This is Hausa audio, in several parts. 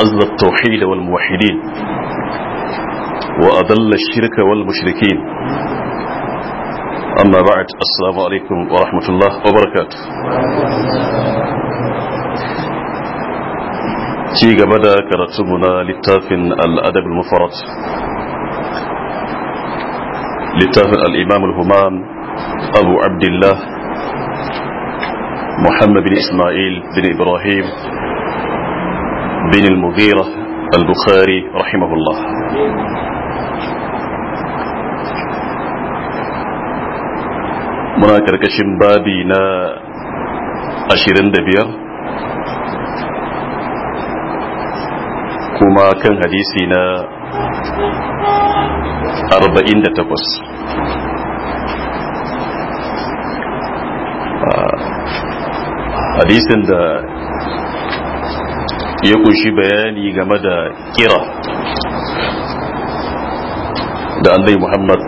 عزل التوحيد والموحدين وأذل الشرك والمشركين أما بعد السلام عليكم ورحمة الله وبركاته تيغ بدا كرتبنا لتاف الأدب المفرط لتاف الإمام الهمام أبو عبد الله محمد بن إسماعيل بن إبراهيم بن المغيرة البخاري رحمه الله منا كركشن بابينا أشيرن دبير كما كان حديثنا أربعين دتقص آه، حديثنا ya kunshi bayani game da kira da annabi Muhammad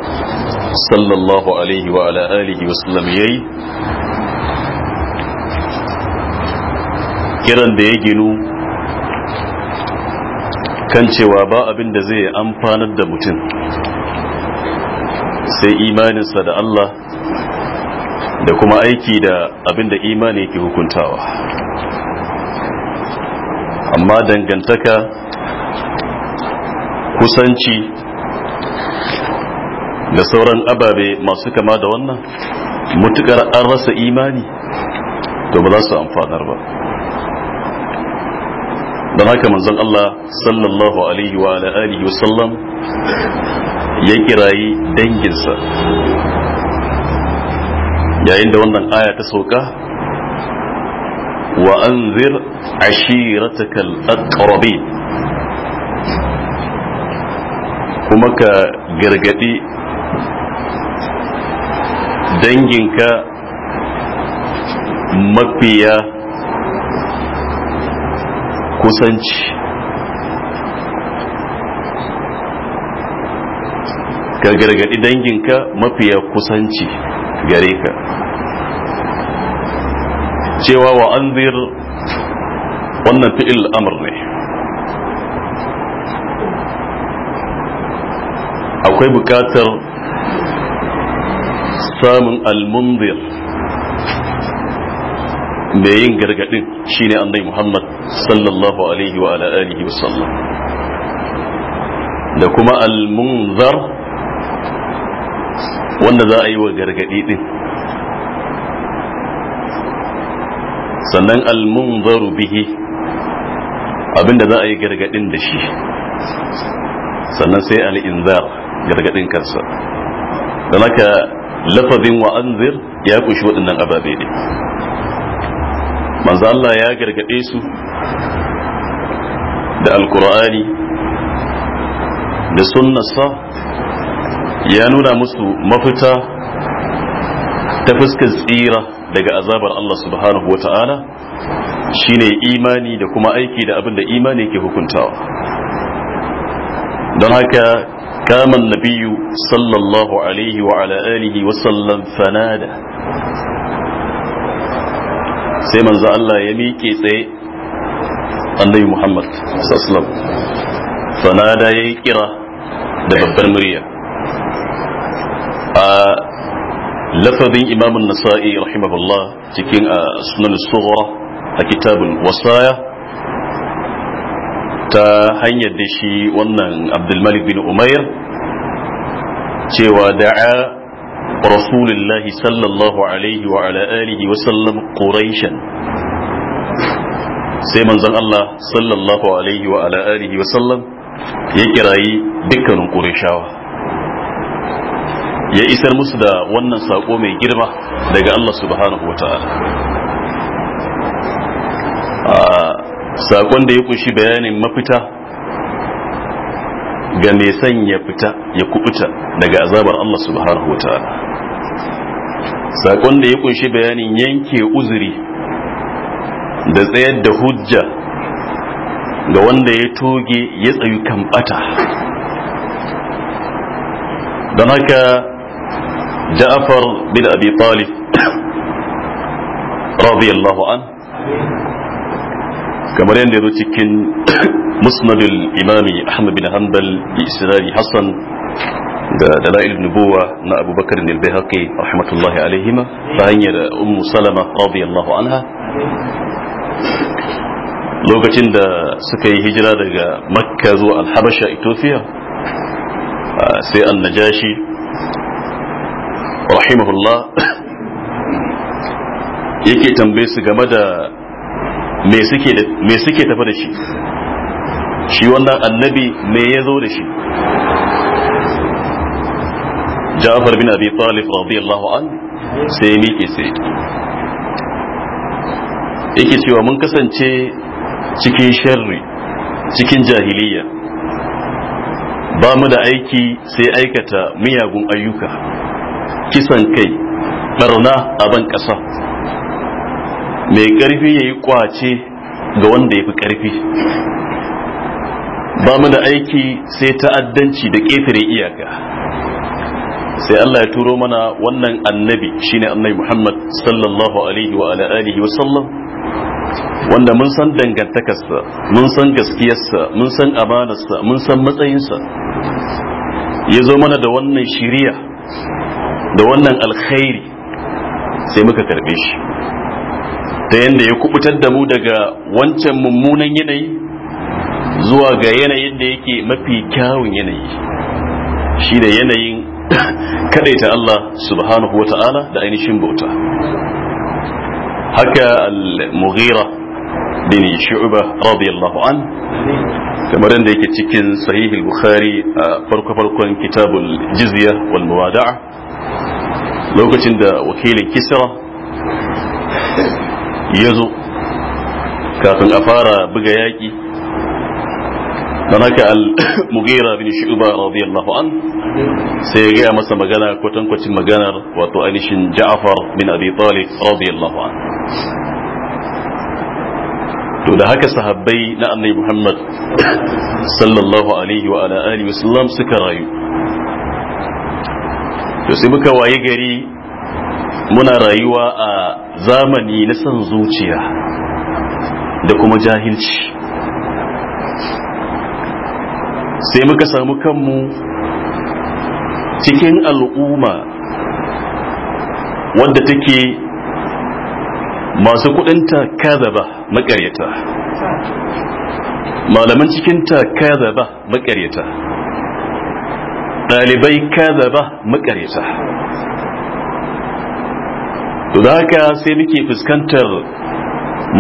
sallallahu alaihi wa ala alihi wa sallam yayi kiran da ya ginu kan cewa ba abin da zai amfanar da mutum sai imaninsa da Allah da kuma aiki da abinda da imani yake hukuntawa amma dangantaka kusanci da sauran ababe masu kama da wannan mutukar an rasa imani to ba za su amfanar ba don haka manzon Allah sallallahu alaihi wa alihi wa sallam ya kirayi danginsa yayin da wannan aya ta sauka wa anzir ashiratakal aqrabin kuma ka gargadi danginka mafiya kusanci ka gargadi danginka mafiya kusanci gare ka cewa wa anzir wannan fi'il amr ne akwai bukatar samun almundir mai yin gargadin shine annai muhammad sallallahu alaihi wa alihi wa sallam da kuma almunzar wanda za a yi wa gargadi din sannan almunzaru bihi abinda za a yi gargadin da shi sannan sai al'inzar gargadin kansa don haka lafazin wa'anzir ya kushi waɗannan ababe ne manzo Allah ya gargade su da alkur'ani da sunnasa ya nuna musu mafita ta fuskar tsira daga azabar Allah subhanahu wa ta'ala shine imani da kuma aiki da abin da imani ke hukuntawa don haka kaman nabiyu sallallahu alaihi wa ala alihi wa sallam fanada sai manzo Allah ya miƙe tsaye annabi Muhammad sallallahu fanada yayi kira da babbar murya a lafazin imamun nasa'i rahimahullah cikin sunan sughra a kitabul wasaya ta hanyar da shi wannan abdulmalik bin umair cewa da'a rasulullahi sallallahu alaihi wa ala alihi wa sallam quraishan sai manzon Allah sallallahu alaihi wa ala alihi wa sallam ya kirayi dukkanin Qurayshawa ya isar musu da wannan sako mai girma daga Allah subhanahu wa ta'ala sakon da ya kunshi bayanin mafita ga mai sanya ya fita ya kubuta daga azabar Allah subhanahu wa ta'ala sakon da ya kunshi bayanin yanke uzuri da tsayar da hujja ga wanda ya toge ya tsayu kan bata don haka ja'afar bin abi talib radiyallahu an kamar yadda ya zo cikin musnadul imami ahmad bin hanbal bi isnadi hassan da dalail nubuwa na abubakar ne bai haƙi rahmatullahi alaihima ta hanyar ummu salama radiyallahu anha lokacin da suka yi hijira daga makka zuwa alhabasha ethiopia sai an najashi rahimahullah yake tambaye su game da me suke me suke tafi da shi shi wannan annabi me ya zo da shi Ja'far bin Abi Talib radiyallahu an sai miƙe sai yake cewa mun kasance cikin sharri cikin jahiliya ba mu da aiki sai aikata miyagun ayyuka kisan kai barna a ban ƙasa mai ƙarfi ya yi kwace ga wanda ya fi ƙarfi ba mu da aiki sai ta'addanci da ƙetare iyaka sai Allah ya turo mana wannan annabi shine annabi Muhammad sallallahu alaihi wa alihi wa sallam wanda mun san dangantakarsa mun san gaskiyarsa mun san amanarsa mun san matsayinsa ya zo mana da wannan shiriya da wannan alkhairi sai muka karbe shi ta yadda ya kubutar da mu daga wancan mummunan yanayi zuwa ga yanayin da yake mafi kyawun yanayi shi da yanayin kadaita Allah subhanahu wa ta'ala da ainihin bauta haka al-mughira bin shu'ba radiyallahu an kamar da yake cikin sahih al-bukhari a farko farkon kitabul jizya wal muwada'a lokacin da wakilin kisra ya zo kafin a fara buga yaƙi don haka al-mughira bin shu'ba radiyallahu an sai ya gaya masa magana kwatankwacin maganar wato ainihin ja'far bin abi talib radiyallahu an to da haka sahabbai na annabi muhammad sallallahu alaihi wa ala alihi wasallam suka rayu to sai muka waye gari muna rayuwa a zamani na son zuciya da kuma jahilci sai muka samu kanmu cikin al'umma wadda take masu kudinta ba makaryata malaman cikinta ba makaryata ɗalibai ba makaryata to da sai muke fuskantar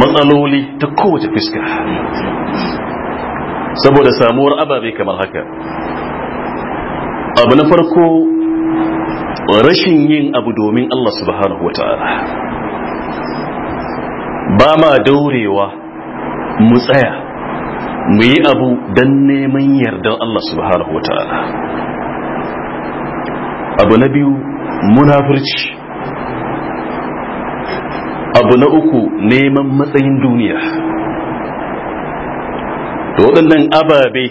matsaloli ta kowace fuska saboda samuwar ababe kamar haka abu na farko rashin yin abu domin Allah subhanahu wa ta'ala ba ma daurewa mu tsaya mu yi abu don neman yardar Allah subhanahu wa ta'ala abu na biyu munafurci abu na uku neman matsayin duniya da waɗannan ababe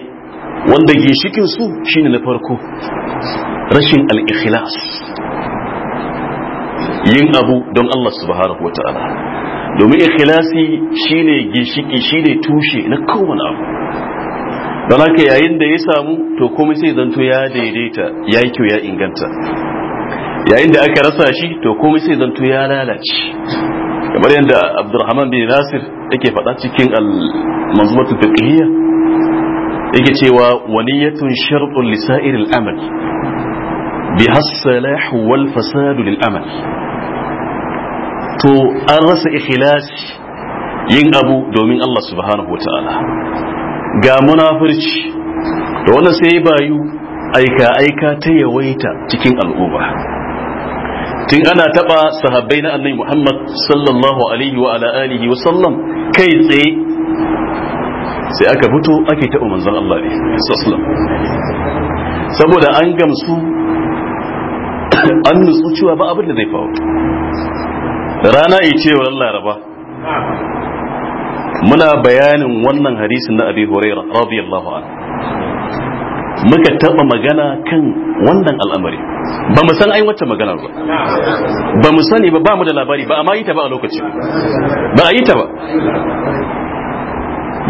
wanda ginshikinsu shine na farko rashin al'ikhlas yin abu don Allah subhanahu wa ta'ala domin ikhlasi shine ginshiki shine tushe na kowane abu don haka yayin da ya samu to komai sai zanto ya daidaita ya yi kyau ya inganta yayin da aka rasa shi to komai sai zanto ya lalace kamar yadda abdurrahman bin nasir yake faɗa cikin al-manzumatu fiqhiyya yake cewa waniyatun shartu lisa'ir al-amal bi hasalah wal fasad lil amal to an rasa ikhlas yin abu domin Allah subhanahu wata'ala ga munafirci to wannan sai bayu aika aika ta yawaita cikin al'umma tun ana taɓa sahabbai na annabi Muhammad sallallahu alaihi wa ala alihi wa sallam kai tsaye sai aka fito ake taɓa manzon Allah ne sallallahu saboda an gamsu an nutsu cewa ba abin da zai faru rana ya ce cewa laraba muna bayanin wannan hadisin na abi hurairah radiyallahu anhu muka taɓa magana kan wannan al'amari ba mu san ai wacce magana ba ba mu sani ba ba mu da labari ba amma yi ta ba a lokaci ba a yi ta ba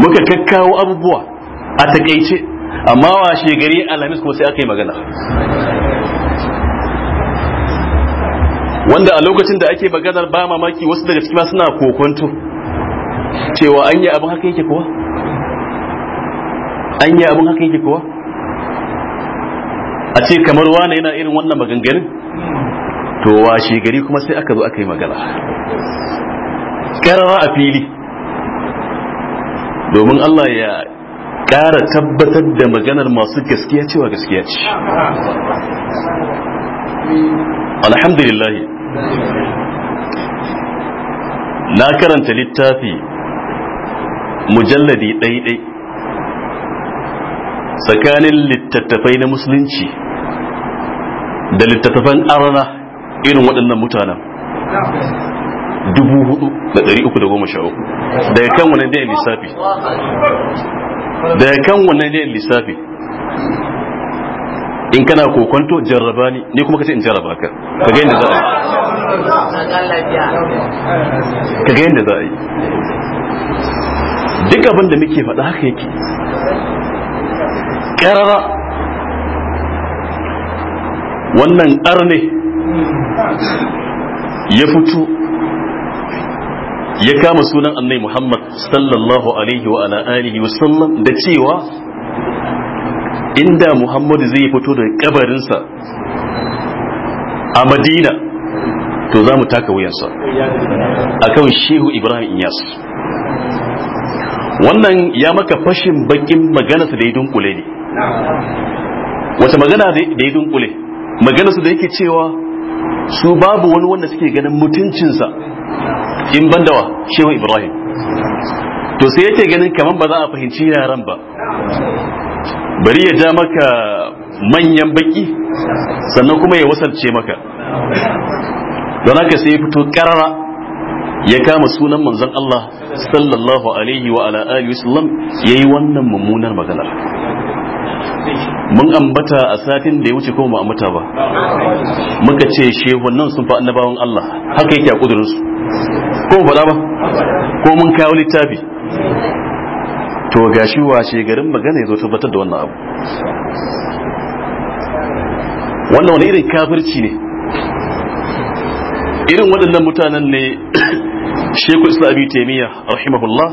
muka kakkawo abubuwa a takaice amma wa shegari alhamis kuma sai aka yi magana wanda a lokacin da ake maganar ba mamaki wasu daga cikin suna kokonto cewa an yi abin haka yake kuwa an yi abin haka yake kuwa a ce kamar wane yana irin wannan maganganin to washe gari kuma sai aka zo aka yi magana karawa a fili domin Allah ya ƙara tabbatar da maganar masu gaskiya cewa gaskiya ce alhamdulillah na karanta littafi mujalladi ɗaiɗai tsakanin littattafai na musulunci da littattafan arna irin waɗannan mutanen dubu hudu da ɗari uku da goma sha uku daga kan wannan dayan lissafi daga kan wannan ne lissafi in kana kokonto jarraba ni ne kuma kace in jarraba ka ka ga yadda za a yi ka ga yadda za a yi duk abin da muke faɗa haka yake ƙarara wannan arne ya fito ya kama sunan annai muhammad sallallahu alaihi wa ala alihi wa da cewa inda muhammadu zai fito da kabarinsa a madina to za mu taka wuyansa akan shehu ibrahim iyas wannan ya maka fashin bakin maganarsa da ya dunkule ne wata magana da ya dunkule magana su da yake cewa su babu wani wanda suke ganin mutuncinsa in bandawa shehu ibrahim to sai yake ganin kamar ba za a fahimci yaran ba bari ya ja maka manyan baki sannan kuma ya wasance maka don haka sai ya fito karara ya kama sunan manzon Allah sallallahu alaihi wa ala alihi wasallam yayi wannan mummunar maganar mun ambata a satin da ya wuce ko ba ambata ba muka ce wannan sun fa annabawan Allah haka yake a kudurin su ko faɗa ba ko mun kawo littafi to wa washe garin magana ya zo tabbatar da wannan abu wannan wani irin kafirci ne irin waɗannan mutanen ne shekul islami taimiyya rahimahullah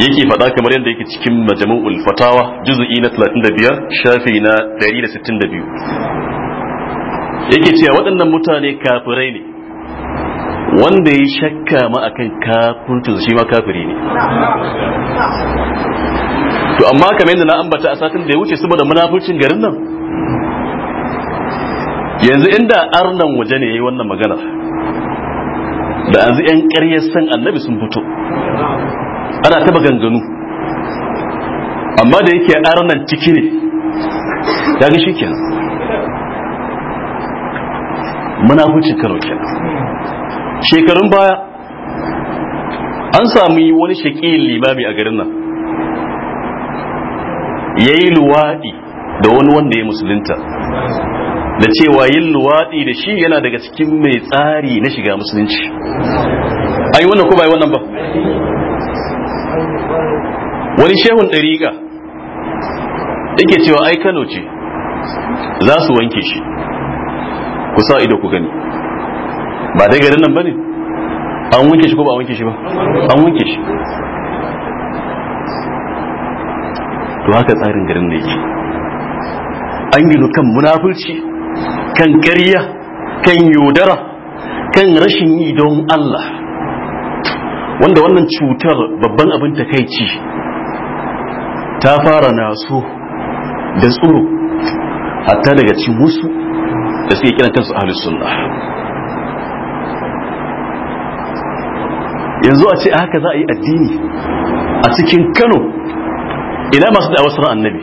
yake faɗa kamar yadda yake cikin majmu'ul fatawa juz'i na 35 shafi na 162 yake cewa waɗannan mutane kafirai ne wanda ya shakka ma akan kafircin shi ma kafiri ne to amma kamar yadda na ambata a satin da ya wuce saboda munafurcin garin nan yanzu inda arnan waje ne yayi wannan magana da yanzu yan ƙaryar san annabi sun fito ana taba ganganu, amma da yake arnan ciki ne ya ga shi kenan muna huce karo kenan shekarun baya an sami wani shaƙiyin limami a garin nan ya yi luwaɗi da wani wanda ya musulunta da cewa yin luwaɗi da shi yana daga cikin mai tsari na shiga musulunci Ayi, wannan ko ba yi wannan ba wani shehun ɗariƙa yake cewa ai kano ce za su wanke shi ku sa ido ku gani ba dai garin nan ba ne an wanke shi ko ba a wanke shi ba an wanke shi to haka tsarin garin da yake an gino kan munafurci kan ƙarya kan yodara kan rashin yi don Allah wanda wannan cutar babban abin takaici ta fara nasu da tsoro hatta daga cin musu da suke kiran kansu ahlus sunna yanzu a ce haka za a yi addini a cikin Kano ina masu da wasu annabi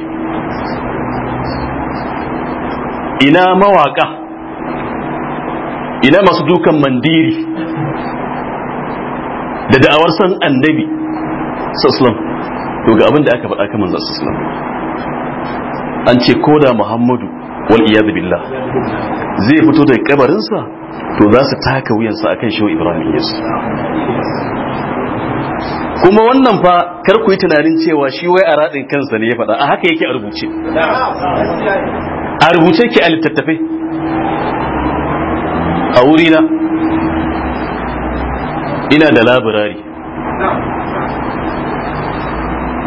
ina mawaka ina masu dukan mandiri da da'awar san annabi sallallahu to ga abin da aka faɗa kan manzon sallallahu alaihi an ce ko da muhammadu wal iyad billah zai fito daga kabarinsa to za su taka wuyansa akan shehu ibrahim yesu kuma wannan fa kar ku yi tunanin cewa shi wai a radin kansa ne ya faɗa a haka yake a rubuce a rubuce ke a littattafai a wurina ina da labirari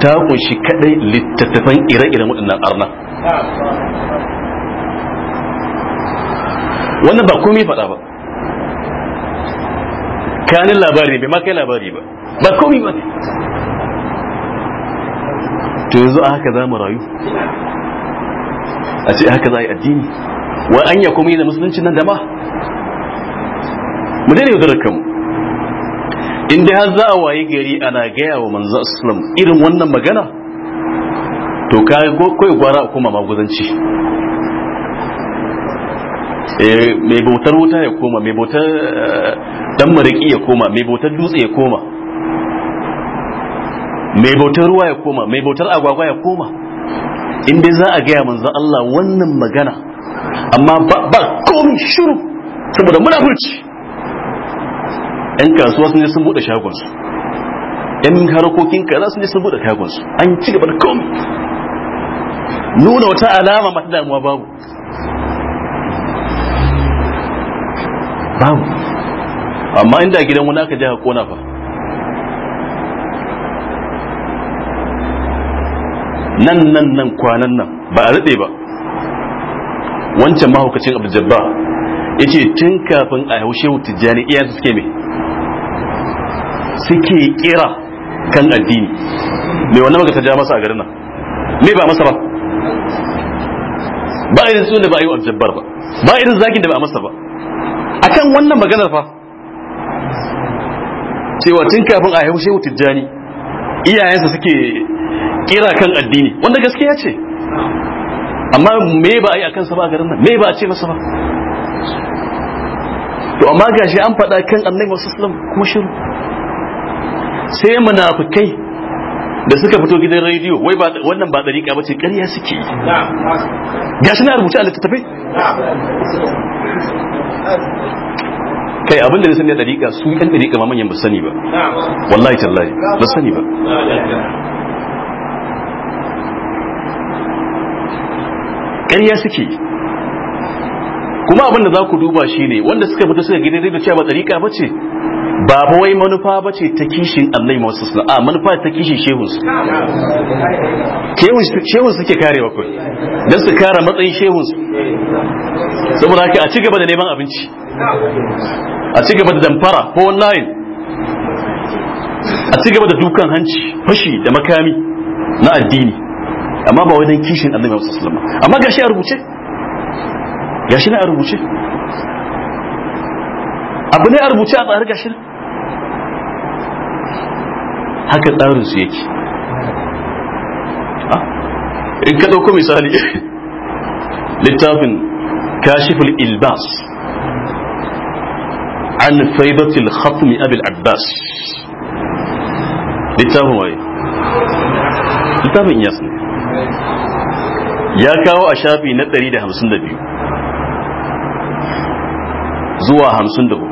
ta kunshi kadai littattafan ire-iren waɗannan arna wannan ba komai faɗa ba kanin labari bai ma kai labari ba ba komai ba to yanzu a haka za mu rayu a ce haka za a yi addini wa an ya komai da musulunci nan da ma mu daina yaudarar kanmu Inda har za a waye gari ana gaya wa manzo aslam irin wannan magana to kai kai gwara a koma maguzanci eh, mai bautar wuta ya koma mai bautar eh, dan mariki ya koma mai bautar dutse ya koma mai bautar ruwa ya koma mai bautar agwagwa ya koma inda za a gaya manzo Allah wannan magana amma ba komi shiru saboda munafurci yan kasuwa sun yi sun bude shagon su yan harkokin kaza sun yi sun bude su an ci gaba da komai nuna wata alama mata damuwa babu babu amma inda gidan wani aka jaha kona fa nan nan nan kwanan nan ba a rube ba wancan mahaukacin abu jabba ya ce tun kafin a yaushe tijjani iyansu suke mai suke kira kan addini me wannan maka ja masa a garin nan me ba masa ba ba irin su da ba yi wa jabbar ba ba irin zagin da ba masa ba akan wannan maganar fa cewa tun kafin a haihu shehu tijjani iyayensa suke kira kan addini wanda gaskiya ce amma me ba a yi a kansa ba a garin nan me ba a ce masa ba to amma gashi an faɗa kan annabi sallallahu alaihi wasallam kuma shiru sai munafikai da suka fito gidan rediyo wai ba wannan ba dariƙa bace ƙarya suke yi ga shi na rubuce a littattafai kai abin da nisan a dariƙa su yan dariƙa ma manyan ba sani ba wallahi tallahi ba sani ba ƙarya suke kuma abin da za ku duba shi ne wanda suka fito suka gidan rediyo cewa ba dariƙa bace Babu wai manufa ba ce ta kishin annai masu suna a manufa ta kishin shehunsu shehunsu suke karewa kai don su kara matsayin shehunsu saboda haka a ci gaba da neman abinci a ci gaba da damfara ko online a ci gaba da dukan hanci fashi da makami na addini amma ba wajen kishin annai masu suna amma gashi a rubuce gashi na a rubuce abu ne a rubuce a tsari gashi haka tsarin su yake ah, in ka ɗauko misali littafin kashiful ilbas an faidatul khatmi abil abbas littafin waye littafin iyas ne ya kawo a shafi na 152 zuwa 54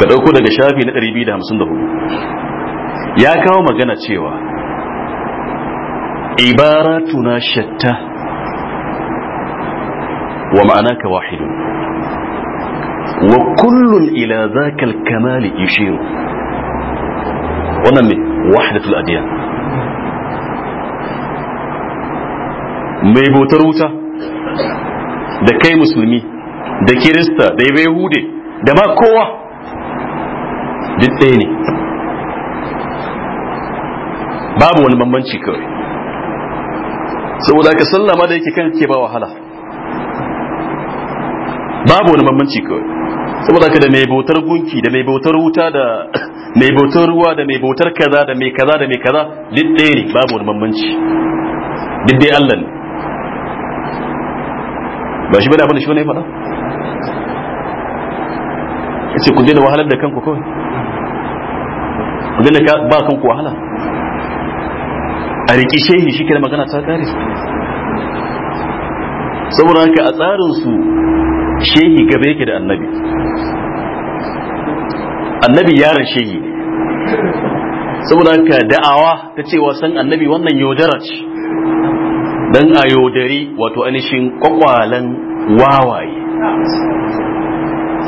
ka ɗauko daga shafi na 254 ya kawo magana cewa tuna shatta wa ka wahidu wa kullun ila za al-kamal wannan ne wahdatul adiyan mai botar wuta da kai musulmi da kirista da yabe hude da ma kowa duk ɗaya ne babu wani bambanci kawai saboda ka sallah ma da yake kan ke ba wahala babu wani bambanci kawai saboda ka da mai bautar gunki da mai bautar wuta da mai bautar ruwa da mai bautar kaza da mai kaza da mai kaza duk ɗaya ne babu wani bambanci duk dai Allah ne ba shi bane abin da shi ne faɗa ce ku dina wahalar da kanku kawai ku dina ba kanku wahala a riki shehi shi kira magana ta kare saboda haka a tsarinsu shehi gaba yake da annabi annabi yaron shehi saboda haka da'awa ta cewa san annabi wannan yaudara ce dan a yaudari wato anishin kwakwalan wawaye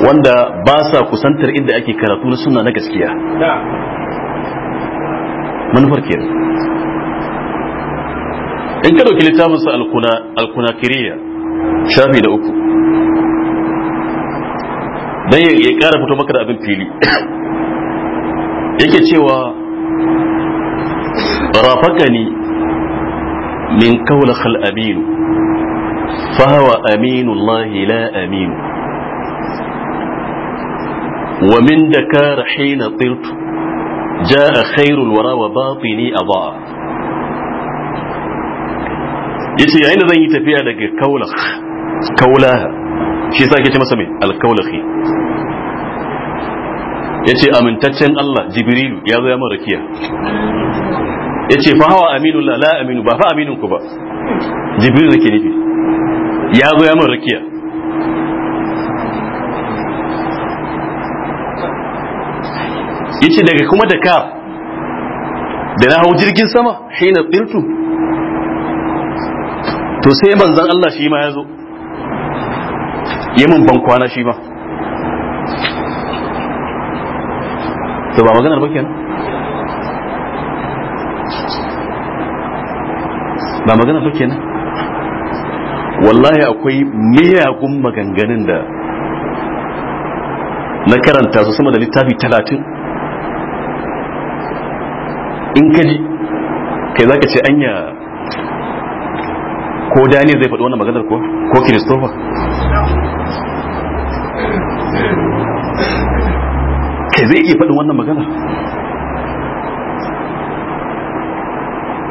wanda ba sa kusantar inda ake karatu na suna na gaskiya manufar kenan in ka ɗauki littafinsa alkuna kiriya shafi da uku don ya ƙara fito maka da abin fili yake cewa rafakani min kawula khal aminu fahawa aminu lahi la aminu wa min da ka rahina tiltu ja a khairul wara wa batini a ba'a yace yayin da zan yi tafiya daga kaulah kaulah shi sa ke ce masa mai ya yace amintaccen Allah jibrilu ya zo ya mun rakiya yace fa hawa aminu la la aminu ba fa Aminu ku ba jibrilu ke nufi ya zo ya mun rakiya yace daga kuma da ka da na hau jirgin sama hina tsirtu to sai manzan Allah shi ma ya zo yamin ban kwana shi ba to ba maganar ba kenan ba maganar ba kenan wallahi akwai miyagun maganganun da na karanta su sama da littafi talatin in kaji kai za ka ce anya ko daniel zai faɗi wannan maganar ko ko christopher kai zai iya faɗin wannan maganar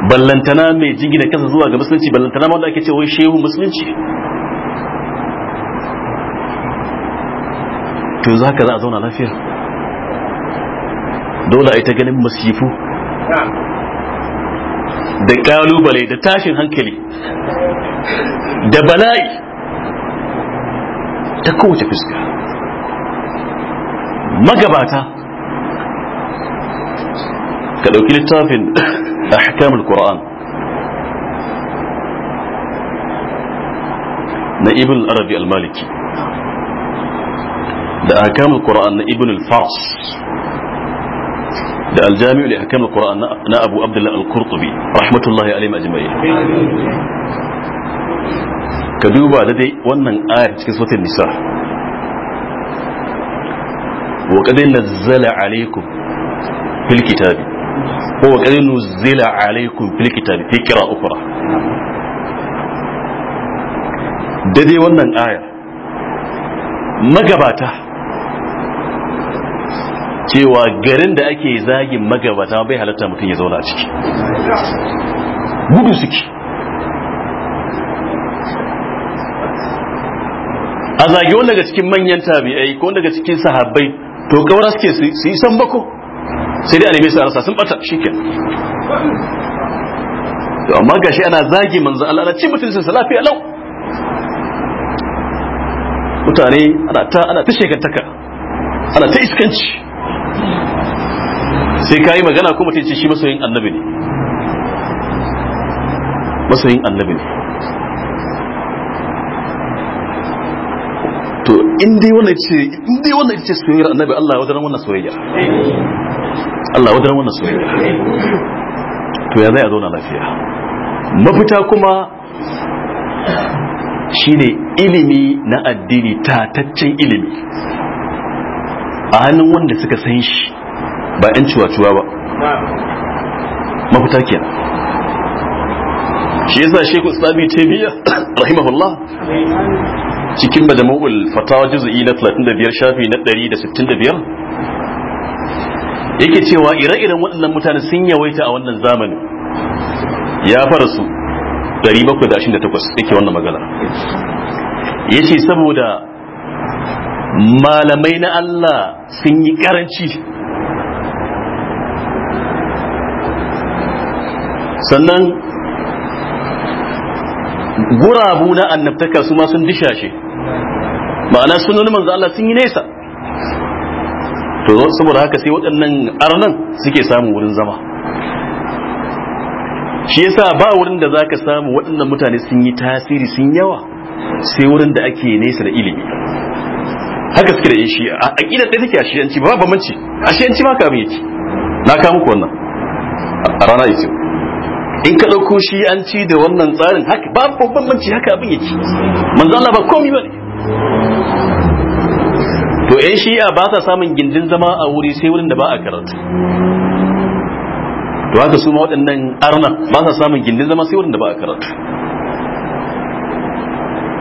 ballantana mai jingina kasa zuwa ga musulunci ballantana ma wanda ake ce wai shehu musulunci to za ka za a zauna lafiya dole a ita ganin masifu da kalubale da tashin hankali da bala'i ta kowace fuska magabata ka ɗauki littafin ahkamul qur'an na ibn arabi al-maliki da ahkamul qur'an na ibn al-fars da aljami'u da hakamul qur'an na abu abdullah al-qurtubi rahmatullahi alaihi ajma'in ka duba da wannan ayar cikin sautin nisa wa qad nazzala alaikum fil kitabi ko wa qad nuzzila alaikum fil kitabi fi qira'a ukhra da dai wannan aya magabata cewa garin da ake zagin magabata bai halatta mutum ya zauna ciki gudu suke a zagi wanda daga cikin manyan tabi'ai ko daga cikin sahabbai to kawar suke su yi san bako sai dai a neme su a rasa sun bata ke to amma shi ana zagi manzan Allah ana ci mutuncin sa lafiya mutane ana ta ana ta shekantaka ana ta iskanci sai ka yi magana kuma mutum ce shi masoyin annabi ne masoyin annabi ne to in dai wannan ce in wannan ce soyayyar annabi Allah ya wadaran wannan soyayya Allah ya wadaran wannan soyayya to ya zai a zauna lafiya mafita kuma shine ilimi na addini tataccen ilimi a hannun wanda suka san shi ba 'yan cuwa ba mafita kenan shi yasa sheku islami taimiyya rahimahullah cikin majmu'ul fatawa juzu'i na 35 shafi na 165 yake cewa ire-iren waɗannan mutane sun yawaita a wannan zamanin ya fara su 728 yake wannan magana yace saboda malamai na Allah sun yi karanci sannan gurabu na annabtaka su ma sun dishashe ma'ana sunan manzo Allah sun yi nesa to saboda haka sai waɗannan arnan suke samun wurin zama shi yasa ba wurin da zaka samu waɗannan mutane sun yi tasiri sun yawa sai wurin da ake nesa da ilimi haka suke da yin shi a aƙidar ɗaya take a shiyanci ba bambanci a shiyanci ma kamun yake na kawo muku wannan a rana yake in ka ɗauko shi an ci da wannan tsarin haka ba babban banci haka abin yake manzo Allah ba komai bane to shi shi'a ba sa samun gindin zama a wuri sai wurin da ba a karatu to haka su ma waɗannan arna ba sa samun gindin zama sai wurin da ba a karatu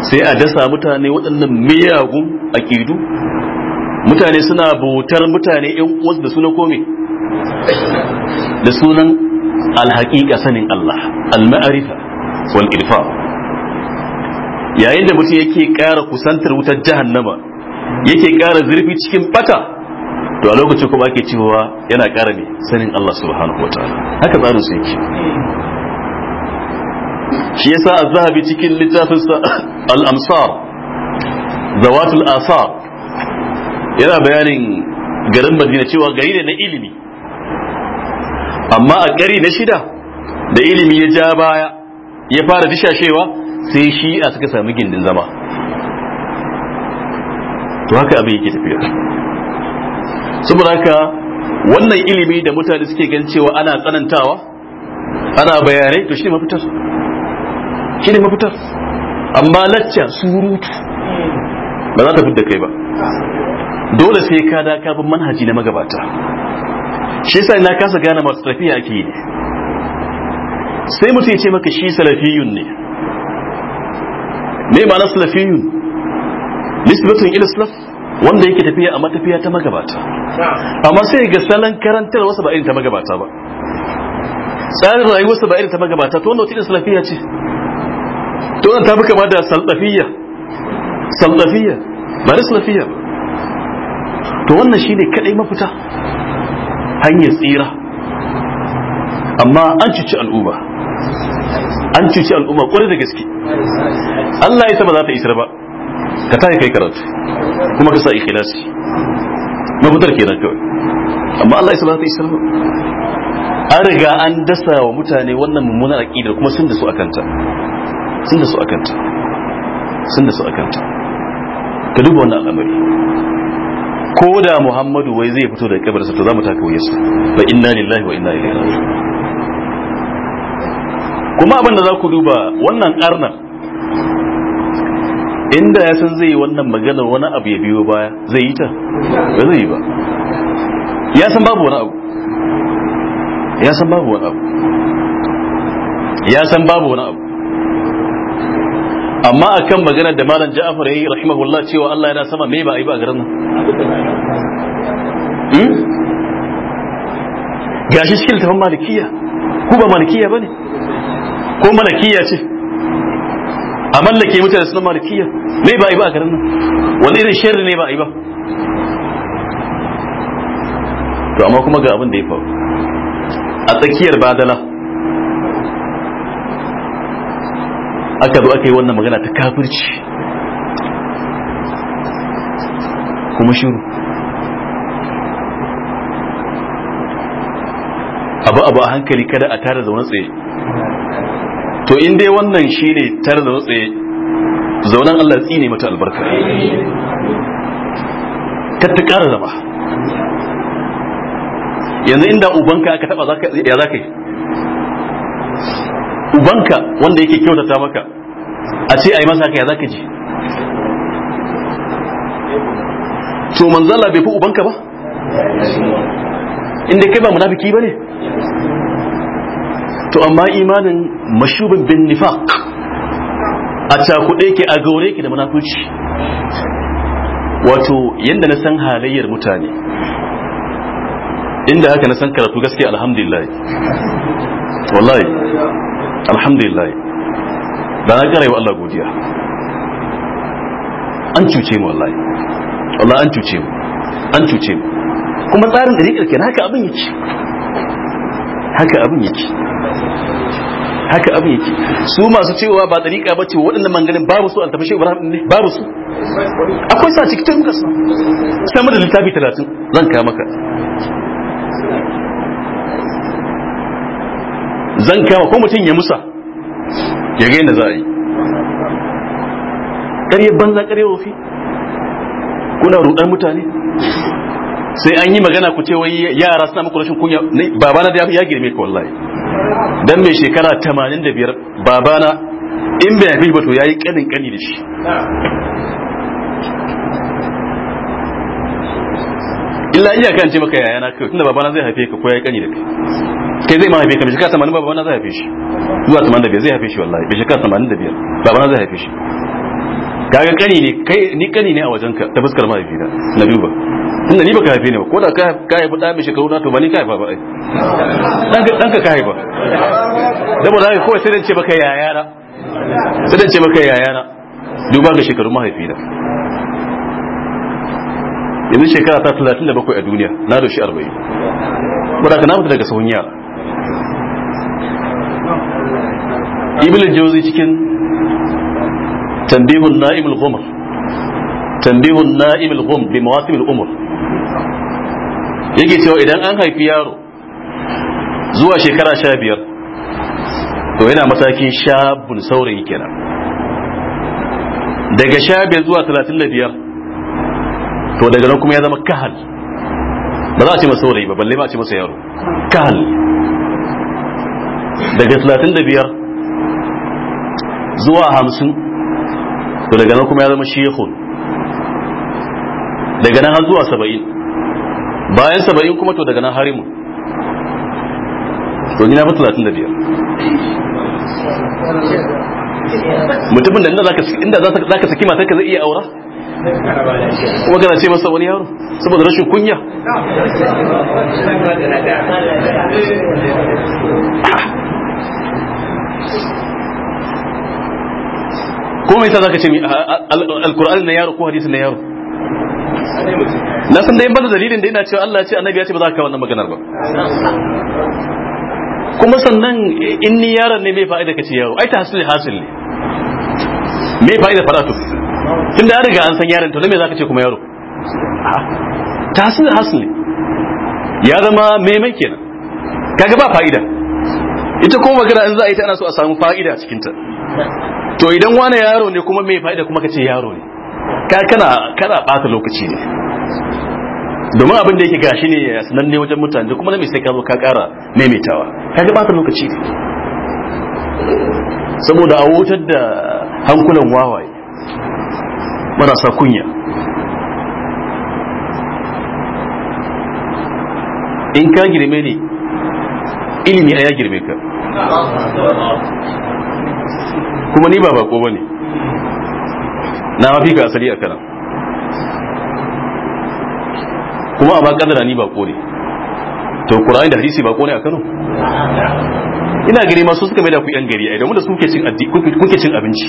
sai a dasa mutane waɗannan miyagun aƙidu mutane suna bautar mutane ƴan uwansu da suna kome da sunan alhaƙiƙa sanin Allah al-ma'arifa wal irfa yayin da mutum yake ƙara kusantar wutar jahannama yake ƙara zurfi cikin bata to a lokacin kuma ake cewa yana ƙara ne sanin Allah subhanahu wataala haka tsarin su yake shi yasa az-zahabi cikin littafin al-amsar zawatul asar yana bayanin garin Madina cewa gari ne na ilimi amma a ƙari na shida da ilimi ya ja baya ya fara dishashewa sai shi a suka sami gindin zama to haka abin yake tafiya saboda haka wannan ilimi da mutane suke gan cewa ana tsanantawa ana bayanai to shi ne mafitar shi ne mafitar amma lacca surutu ba za ta fi da kai ba dole sai ka da kafin manhaji na magabata shi sa ina kasa gane masu tafiya ake yi sai mutum ya ce maka shi salafiyun ne me ma'ana salafiyun nisbatun ila salaf wanda yake tafiya a matafiya ta magabata amma sai ga salon karantar wasu ba irin ta magabata ba tsarin rayuwarsa ba irin ta magabata to wannan wata salafiya ce to wannan ta fi kama da salafiya salafiya ba da salafiya ba to wannan shine kadai mafita hanyar tsira amma an cuci al'umma an cuci al'umma kwarai da gaske Allah ya taba za ta isar ba ka yi kai karatu kuma ka sa ikhlasi mafitar kenan kawai amma Allah ya taba za ta isar ba an riga an dasa wa mutane wannan mummunar aƙidar kuma sun da su akanta sun da su akanta sun da su akanta ka duba wannan al'amari ko da muhammadu wai zai fito da kabarsa to za mu taka wuyarsa ba inna lillahi wa inna ilaihi raji'un kuma abin da za ku duba wannan arna. inda ya san zai yi wannan maganar wani abu ya biyo baya zai yi ta ba zai yi ba ya san babu wani abu ya san babu wani abu ya san babu wani abu amma akan maganar da malam Ja'far yayi rahimahullah cewa Allah yana sama me ba ai ba garin nan hmm? shi cikin tafan malikiya ku ba malikiya bane ko malikiya ce a mallake mutane sunan malikiya me ba ai ba garin nan wani irin sharri ne ba ai ba to amma kuma ga abin da ya faru a tsakiyar badala aka zo aka yi wannan magana ta kafirci kuma shiru abu abu a hankali kada a tara zaune tsaye to in dai wannan shi ne tara zaune tsaye Zaunan Allah tsine mata albarka ta kara zama yanzu inda ubanka aka taba ya za ka yi ubanka wanda yake kyautata maka a ce ai masa haka ya zaka ji to manzala bai fi ubanka ba inda kai ba munafiki bane to amma imanin mashubin bin nifaq a cakuɗe ke a gaure ke da munafici wato yadda na san halayyar mutane inda haka na san karatu gaske alhamdulillah wallahi alhamdulillah da na kare wa Allah godiya an cuce mu wallahi wallahi an cuce mu an cuce mu kuma tsarin dariƙar kenan haka abin yake haka abin yake haka abin yake su masu cewa ba dariƙa ba ce waɗannan manganin babu su an tafi ibrahim ne babu su akwai sa cikin muka sama sama da littafi talatin zan kama maka zan kama ko mutum ya musa ya ga yadda za a yi ƙarye banza ƙarye wofi kuna rudar mutane sai an yi magana ku ce wai yara suna muku rashin kunya babana da ya girme ka wallahi dan mai shekara 85 babana in bai haifi ba to yayi kanin kani da shi illa iya kan ce maka na kai tunda babana zai haife ka ko yayi kani da kai kai zai ma haife ka bishika samanin babana zai haife shi zuwa 85 zai haife shi wallahi bishika biyar babana zai haife shi kaga kani ne kai ni kani ne a wajen ka ta fuskar mahaifi da na duba tunda ni baka haife ni ba ko da ka ka haifi da mai shekaru na to ba ni ka haifa ba ai dan ka dan ka ka haifa da ba za ka kawai sai dan ce maka na sai dan ce maka na duba ga shekaru mahaifi da yanzu shekara ta 37 a duniya na da shi 40 wadda ka nafi daga sahun yara ibilin jauzi cikin tambihun Na'imul gomar tambihun Na'imul gom bi mawasimul umar yake cewa idan an haifi yaro zuwa shekara 15 to yana matakin shabun saurayi kenan daga 15 zuwa 35 to daga nan kuma ya zama kahal ba za a ce masa saurayi ba balle ba a ce masa yaro kahal daga 35 zuwa 50 to daga nan kuma ya zama shehun daga nan har zuwa 70 bayan 70 kuma to daga nan harimu to gina ba 35 mutumin da inda za ka saki matar ka zai iya aura kuma kana ce masa wani yaro saboda rashin kunya kuma yasa zaka ce mi alkur'ani na yaro ko hadisi na yaro na san da yin bada dalilin da ina cewa Allah ya ce annabi ya ce ba za ka wannan maganar ba kuma sannan in ni yaron ne mai fa'ida kace yaro ai ta hasil hasil ne mai fa'ida faratu tunda an riga an san yaron to me zaka ce kuma yaro tasir hasli ya zama maimai kenan kaga ba fa'ida ita ko magana in za a yi ta ana so a samu fa'ida cikin ta to idan wani yaro ne kuma mai fa'ida kuma kace yaro ne ka kana kana bata lokaci ne domin abin da yake gashi ne sananne wajen mutane kuma na mai sai ka zo ka kara maimaitawa Ka ga bata lokaci ne saboda a wutar da hankulan wawaye marasa kunya in ka girme ne ilimi a ya girme ka kuma ni ba bako ba ne na mafi ka asali a kanan kuma a ba kadara ni bako ne to ƙura'in da hadisi bako ne a kano ina gari masu suka mai da ku yan gari a idan wanda suke cin abinci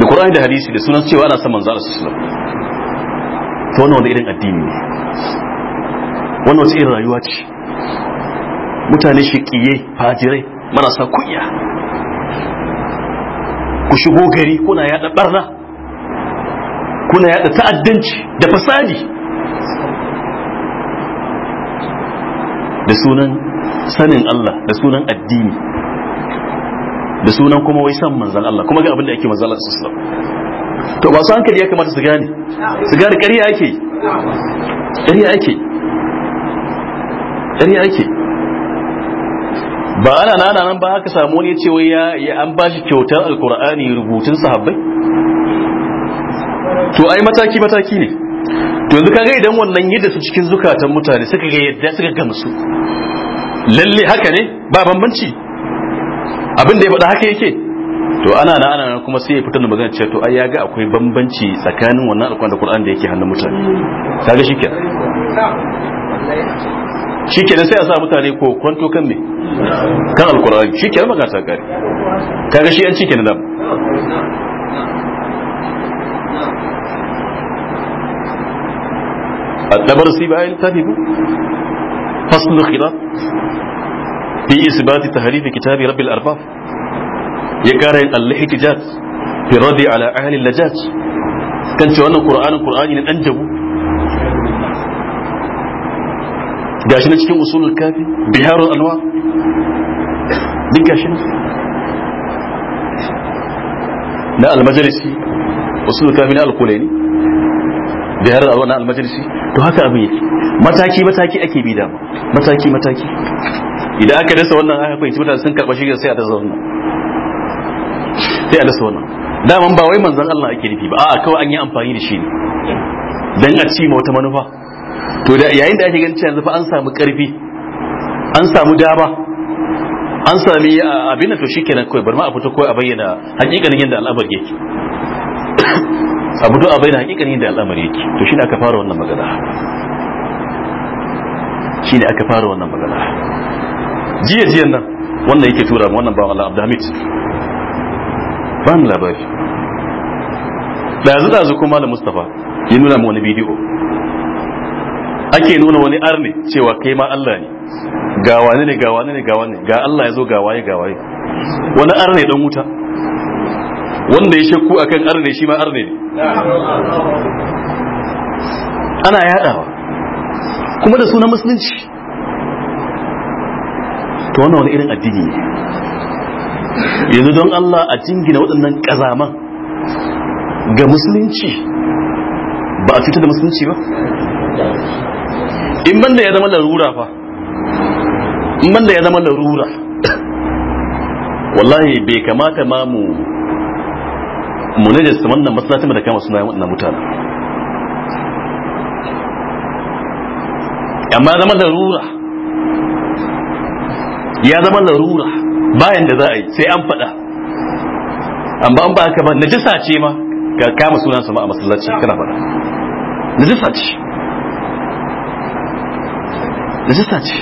da qur'ani da hadisi da sunan cewa ana son manzo Allah sallallahu alaihi wasallam to wani irin addini ne wannan wata irin rayuwa ce mutane shiqiye fajirai marasa kunya ku shigo gari kuna yada barna kuna yada ta'addanci da fasadi da sunan sanin Allah da sunan addini da sunan kuma wai san manzan Allah kuma ga abin da ake manzan Allah sallallahu alaihi to su hankali ya kamata su gane su gane ƙarya yake ƙarya ake ƙarya yake ba ana nana nan ba haka samu wani ya ce wai ya an ba shi kyautar alqur'ani rubutun sahabbai to ai mataki mataki ne to yanzu kaga idan wannan yadda su cikin zukatan mutane suka ga yadda suka gamsu lalle haka ne ba bambanci abin da ya faɗa haka yake to ana na ana kuma sai ya fitar da magana cewa to ai ya ga akwai bambanci tsakanin wannan alƙur'ani da Qur'ani da yake hannun mutane kaga shike shike sai a sa mutane ko kwanto kan me kan alƙur'ani shike magana ta kare kaga shi an shike nan الدبر سيبا يلتهب فصل الخلاف fi isbati tahrifi kitabi rabbil arbab ya kara yin al-ihtijaj fi radi ala ahli al kan ce wannan qur'ani ne dan jabu gashi cikin usulul kafi biharul anwar duk gashi na na al-majlisi usulul kafi na al to haka mataki mataki ake mataki mataki idan aka dasa wannan aka fahimci mutane sun karɓa shirya sai a dasa wannan sai a dasa wannan daman ba wai manzon Allah ake nufi ba a'a kawai an yi amfani da shi ne dan a ci ma wata manufa to da yayin da ake ganin cewa yanzu fa an samu karfi an samu dama an sami abin da to shikenan kawai bar ma a fito kawai a bayyana hakikanin yadda al'amari yake a fito a bayyana hakikanin yadda al'amari yake to shine aka fara wannan magana shine aka fara wannan magana jiya jiyan nan wannan yake tura mu wannan bawan Allah Abdulhamid ban labari da dazu kuma da Mustafa ya nuna mu wani bidiyo ake nuna wani arne cewa kai ma Allah ne ga wani ne ga wani ne ga wani ga Allah ya zo ga waye ga waye wani arne dan wuta wanda ya shakku akan arne shi ma arne ne ana yadawa kuma da sunan musulunci to wannan wani irin addini ne yanzu don Allah a cingina waɗannan ƙazaman ga musulunci ba a cutar da musulunci ba in banda ya zama larura fa in banda ya zama larura wallahi bai kamata ma mu mu ne da su wannan masalacin da kama suna waɗannan mutane amma zama larura ya zama larura bayan da za a yi sai an faɗa ba an ba ka ba najasa ce ma ka kama sunan sama a masallaci kana faɗa najasa ce najasa ce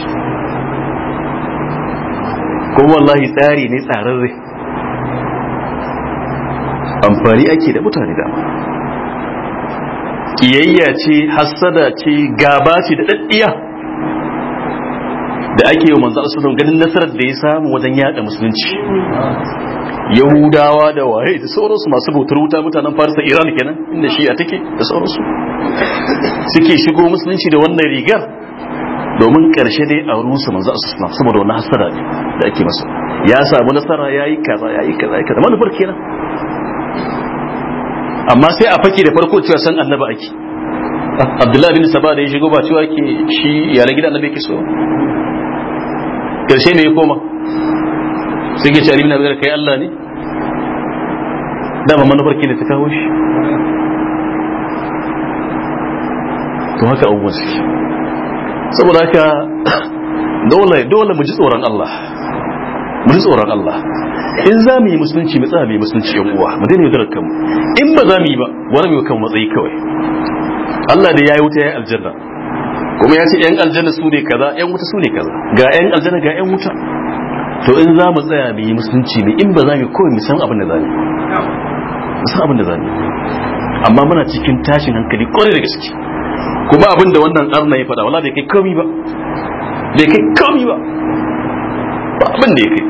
kuma wallahi tsari ne tsararre amfani ake da mutane dama kiyayya ce hassada ce gaba ce da daddiya da ake yi manzo sallallahu ganin nasarar da ya samu wajen yada musulunci yahudawa da waye da sauransu masu bautar wuta mutanen da iran kenan inda shi a take da sauransu suke shigo musulunci da wannan rigar domin karshe dai a rusa manzo sallallahu saboda wannan hasara da ake masa ya samu nasara yayi kaza yayi kaza yayi kaza manufar kenan amma sai a fake da farko cewa san annabi ake abdullahi bin saba da ya shigo ba cewa ke shi yaran gidan annabi ke so karshe ne ya koma ke ce na zarar kai Allah ne dama manufar ke da ta kawo shi to haka abubuwan suke saboda haka dole dole mu ji tsoron Allah mu ji tsoron Allah in za mu yi musulunci mu tsaya mu yi musulunci yan uwa mu daina yaudarar kanmu in ba za mu yi ba wani mai kan matsayi kawai Allah da ya yi wuta ya yi aljanna kuma ya ce yan aljanna su ne kaza yan wuta su ne kaza ga yan aljanna ga yan wuta to in za mu tsaya mu yi musulunci ne in ba za mu kowai mu san abin da za mu san abin da za mu amma muna cikin tashin hankali kwarai da gaske kuma abin da wannan arna ya faɗa wala bai kai kami ba bai kai kami ba ba abin da ya kai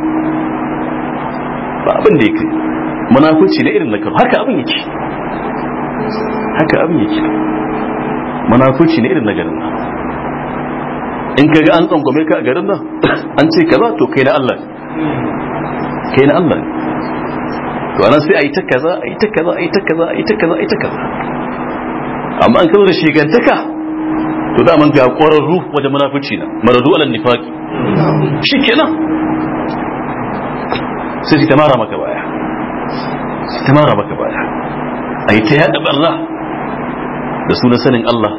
ba abin da ya kai munafurci na irin na haka abin yake haka abin yake munafurci na irin na in ka ga an tsangwame ka a garin nan an ce kaza to kai na Allah kai na Allah to anan sai a yi ta kaza a yi ta kaza a yi ta kaza a yi ta kaza a yi ta kaza amma an kazo da shigantaka to da man ga ruh wajen munafici na maradu alal nifaqi shikenan sai su tamara maka baya tamara maka baya a ta yaɗa barna da sunan sanin Allah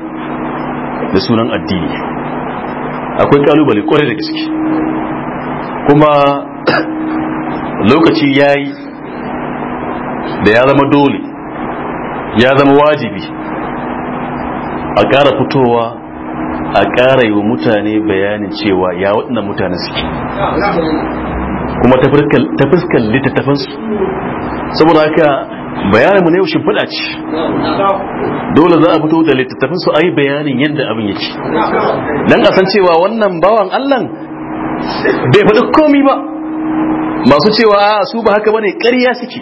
da sunan addini akwai kalubale kwarai da gaske kuma lokaci ya yi da ya zama dole ya zama wajibi a ƙara fitowa a ƙara yi wa mutane bayanin cewa ya waɗannan mutane suke kuma ta fuskan littattafansu saboda haka Bayani mu na yau shimfiɗa ce dole za a fito da littattafin su ayi bayanin yadda abin yake dan a san cewa wannan bawan Allah bai faɗi komi ba masu cewa su ba haka bane ƙarya suke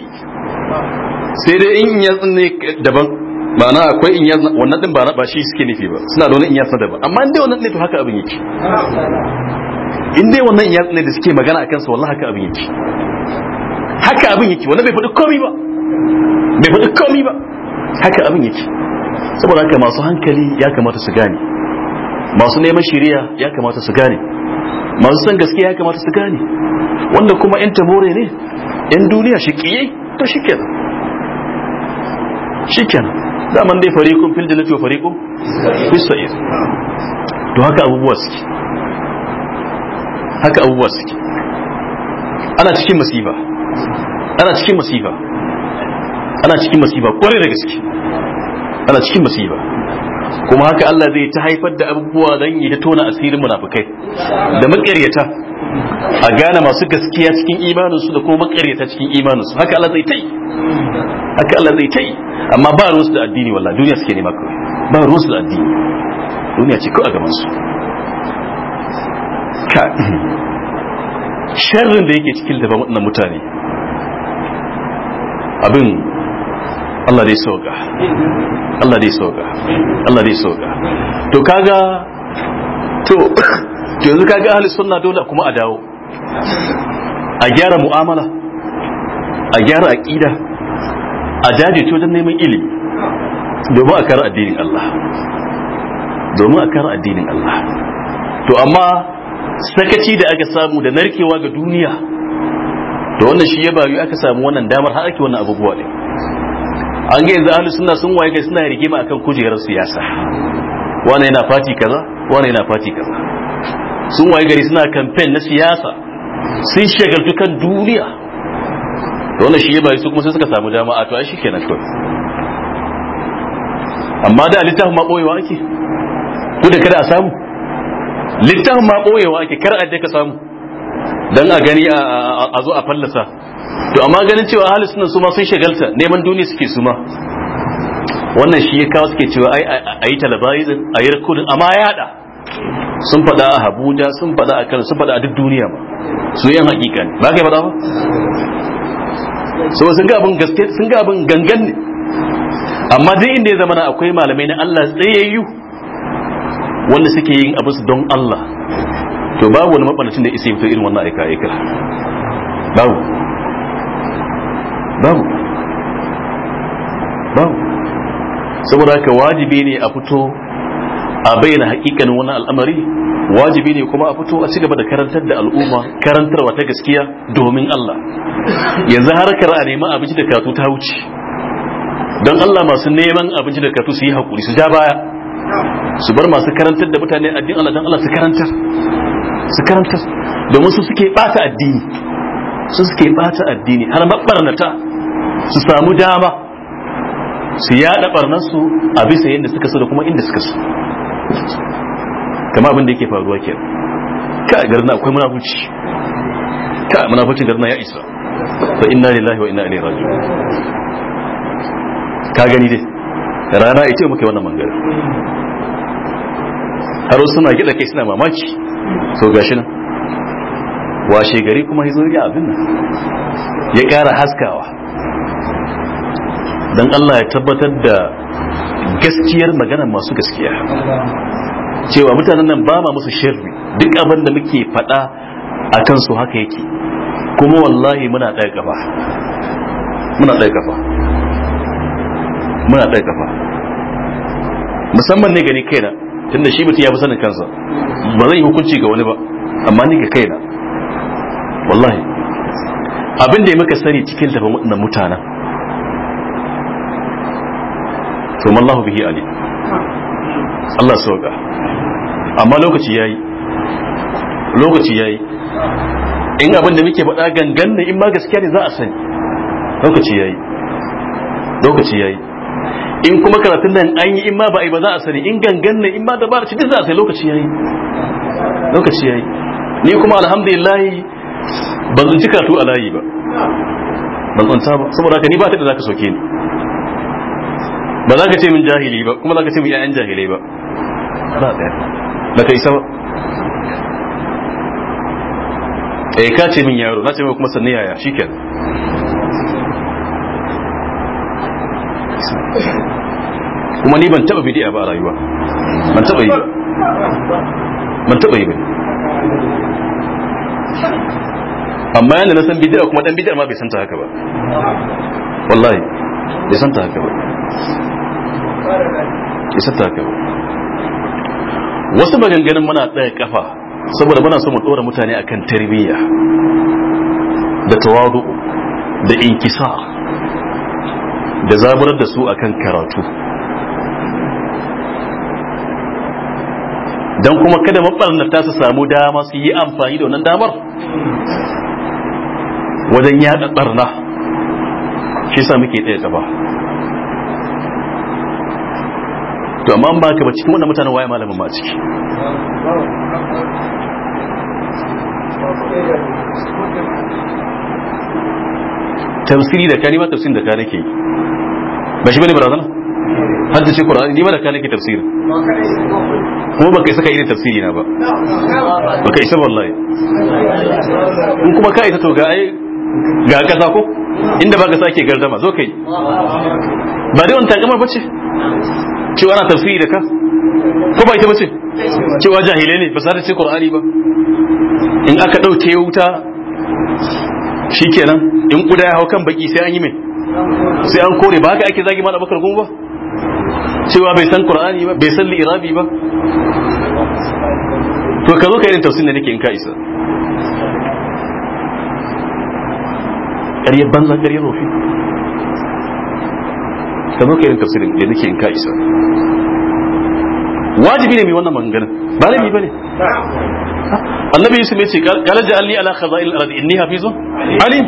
sai dai in ya ne daban ma'ana akwai in ya wannan din ba ba shi suke nufi ba suna da wani in ya daban amma in dai wannan ne to haka abin yake in dai wannan in ya ne da suke magana akan su wallahi haka abin yake haka abin yake wannan bai faɗi komi ba bai faɗi komi ba haka abin yake saboda haka masu hankali ya kamata su gane masu neman shirya ya kamata su gane masu san gaskiya ya kamata su gane wanda kuma yan tamore ne yan duniya shi kiye to shi kenan shi kenan zaman dai fariqun fil jannati wa fariku fis sa'ir to haka abubuwa suke haka abubuwa suke ana cikin masifa ana cikin masifa ana cikin masifa kwarai da gaske ana cikin masifa kuma haka Allah zai ta haifar da abubuwa don yi ta tona asirin munafukai da makaryata a gane masu gaskiya cikin imaninsu da kuma makaryata cikin imaninsu haka Allah zai ta yi haka Allah zai ta yi amma ba ruwansu da addini wallahi duniya suke nema kawai ba ruwansu da addini duniya ce kawai a gaban su ka sharrin da yake cikin daban waɗannan mutane abin Allah dai soka Allah dai soka Allah dai soka to kaga to yanzu kaga ahli sunna dole kuma a dawo a gyara mu'amala a gyara aqida a jaje dan neman ilimi domin a kara addinin Allah domin a kara addinin Allah to amma sakaci da aka samu da narkewa ga duniya to wannan shi ya bayu aka samu wannan damar har ake wannan abubuwa ne an ga yanzu ahli sunna sun waye kai suna rigima akan kujerar siyasa wani yana fati kaza wani yana fati kaza sun waye gari suna kamfen na siyasa sun shagaltu kan duniya to wannan shi ya bayi su kuma sai suka samu jama'a to ai shikenan to amma da littafin ma boyewa ake ko da kada a samu littafin ma boyewa ake kar a ka samu don a gani a zo a fallasa to amma ganin cewa ahli sunna su ma sun shagalta neman duniya suke su ma wannan shi ya kawo suke cewa ai ai talabaizin a yi amma ya hada sun fada a Habuja sun fada a Kano sun fada a duk duniya ma su yan hakika ne ba kai fada ba so sun ga abin gaske sun ga abin gangan ne amma dai inda ya zama na akwai malamai na Allah tsayayyu wanda suke yin abu su don Allah to babu wani mabalacin da isa yi fito irin wannan aika aika babu babu babu saboda haka wajibi ne a fito a bayyana hakikanin wannan al'amari wajibi ne kuma a fito a ci gaba da karantar da al'umma karantarwa ta gaskiya domin Allah yanzu harkar a neman abinci da katu ta wuce don Allah masu neman abinci da katu su yi hakuri su ja baya su bar masu karantar da mutane addinin Allah don Allah su karantar su karanta domin su suke bata addini su suke bata addini har mabarnata su samu dama su yaɗa barnarsu a bisa yadda suka so da kuma inda suka so kama abin da yake faruwa ke ka a garna akwai munafuci ka a munafucin garin ya isa fa inna lillahi wa inna ilaihi raji'un ka gani dai rana ita muke wannan mangara har suna gida kai suna mamaki so gashi nan washe gari kuma ya zo ya abin nan ya ƙara haskawa don Allah ya tabbatar da gaskiyar magana masu gaskiya cewa mutanen nan ba ma musu shirri duk abin da muke faɗa a kansu haka yake kuma wallahi muna ɗaya gaba muna ɗaya gaba muna ɗaya gaba musamman ne gani kaina tunda shi mutum ya fi sanin kansa ba zai yi hukunci ga wani ba amma ni ga kaina wallahi abin da ya muka sani cikin da na mutanen to mallahu bihi ali Allah sauka amma lokaci yayi lokaci yayi in abin da muke faɗa gangan ne in ma gaskiya ne za a sani lokaci yayi lokaci yayi in kuma karatun nan an yi in ma ba a yi ba za a sani in gangan nan in ma da ba da cikin za a sai lokaci yayi lokaci yayi ni kuma alhamdulillah ban zunci karatu a layi ba ban zunta ba saboda haka ni ba ta da ka soke ni ba za ka ce min jahili ba kuma za ka ce min ya'yan jahilai ba ba ɗaya ba ka isa ba eh ka ce min yaro na ce min kuma sanni yaya shikenan kuma ni ban taba bidiya ba a rayuwa ban taba yi ba ban taba yi ba amma yana na san bidiya kuma dan bidiya ma bai santa haka ba wallahi bai santa haka ba bai santa haka ba wasu maganganun muna tsaya kafa saboda muna so mu dora mutane akan tarbiyya da tawadu da inkisar da zaburar da su akan karatu don kuma kada mabarnata su samu dama su yi amfani da wannan damar wajen yada barna shi sa muke tsaye gaba to amma ba ka ba cikin wannan mutanen waye malamin ma ciki tafsiri da kani ma tafsirin da ka nake ba shi bane barazana haddace qur'ani ni ma da ka ke tafsiri kuma baka isa ka ne tafsiri na ba baka isa wallahi in kuma ka isa to ga ai ga kasa ko inda baka sake gardama zo kai ba dai wannan takamar bace cewa ana tafsiri da ka ko ba ita bace cewa jahilai ne ba sa da ce qur'ani ba in aka dauke wuta shikenan in kuda ya hau kan baki sai an yi mai sai an kore ba haka ake zagi mana bakar gumba cewa bai san qur'ani ba bai san li'irabi ba to ka zo ka irin tafsirin da nake in ka isa ƙaryar banza ƙaryar rufi ka zo ka irin tafsirin da nake in ka isa wajibi ne mai wannan maganganar ba laifi ba ne annabi yusuf ya ce kala alli ala khaza'il al-ard inni hafizun Ali.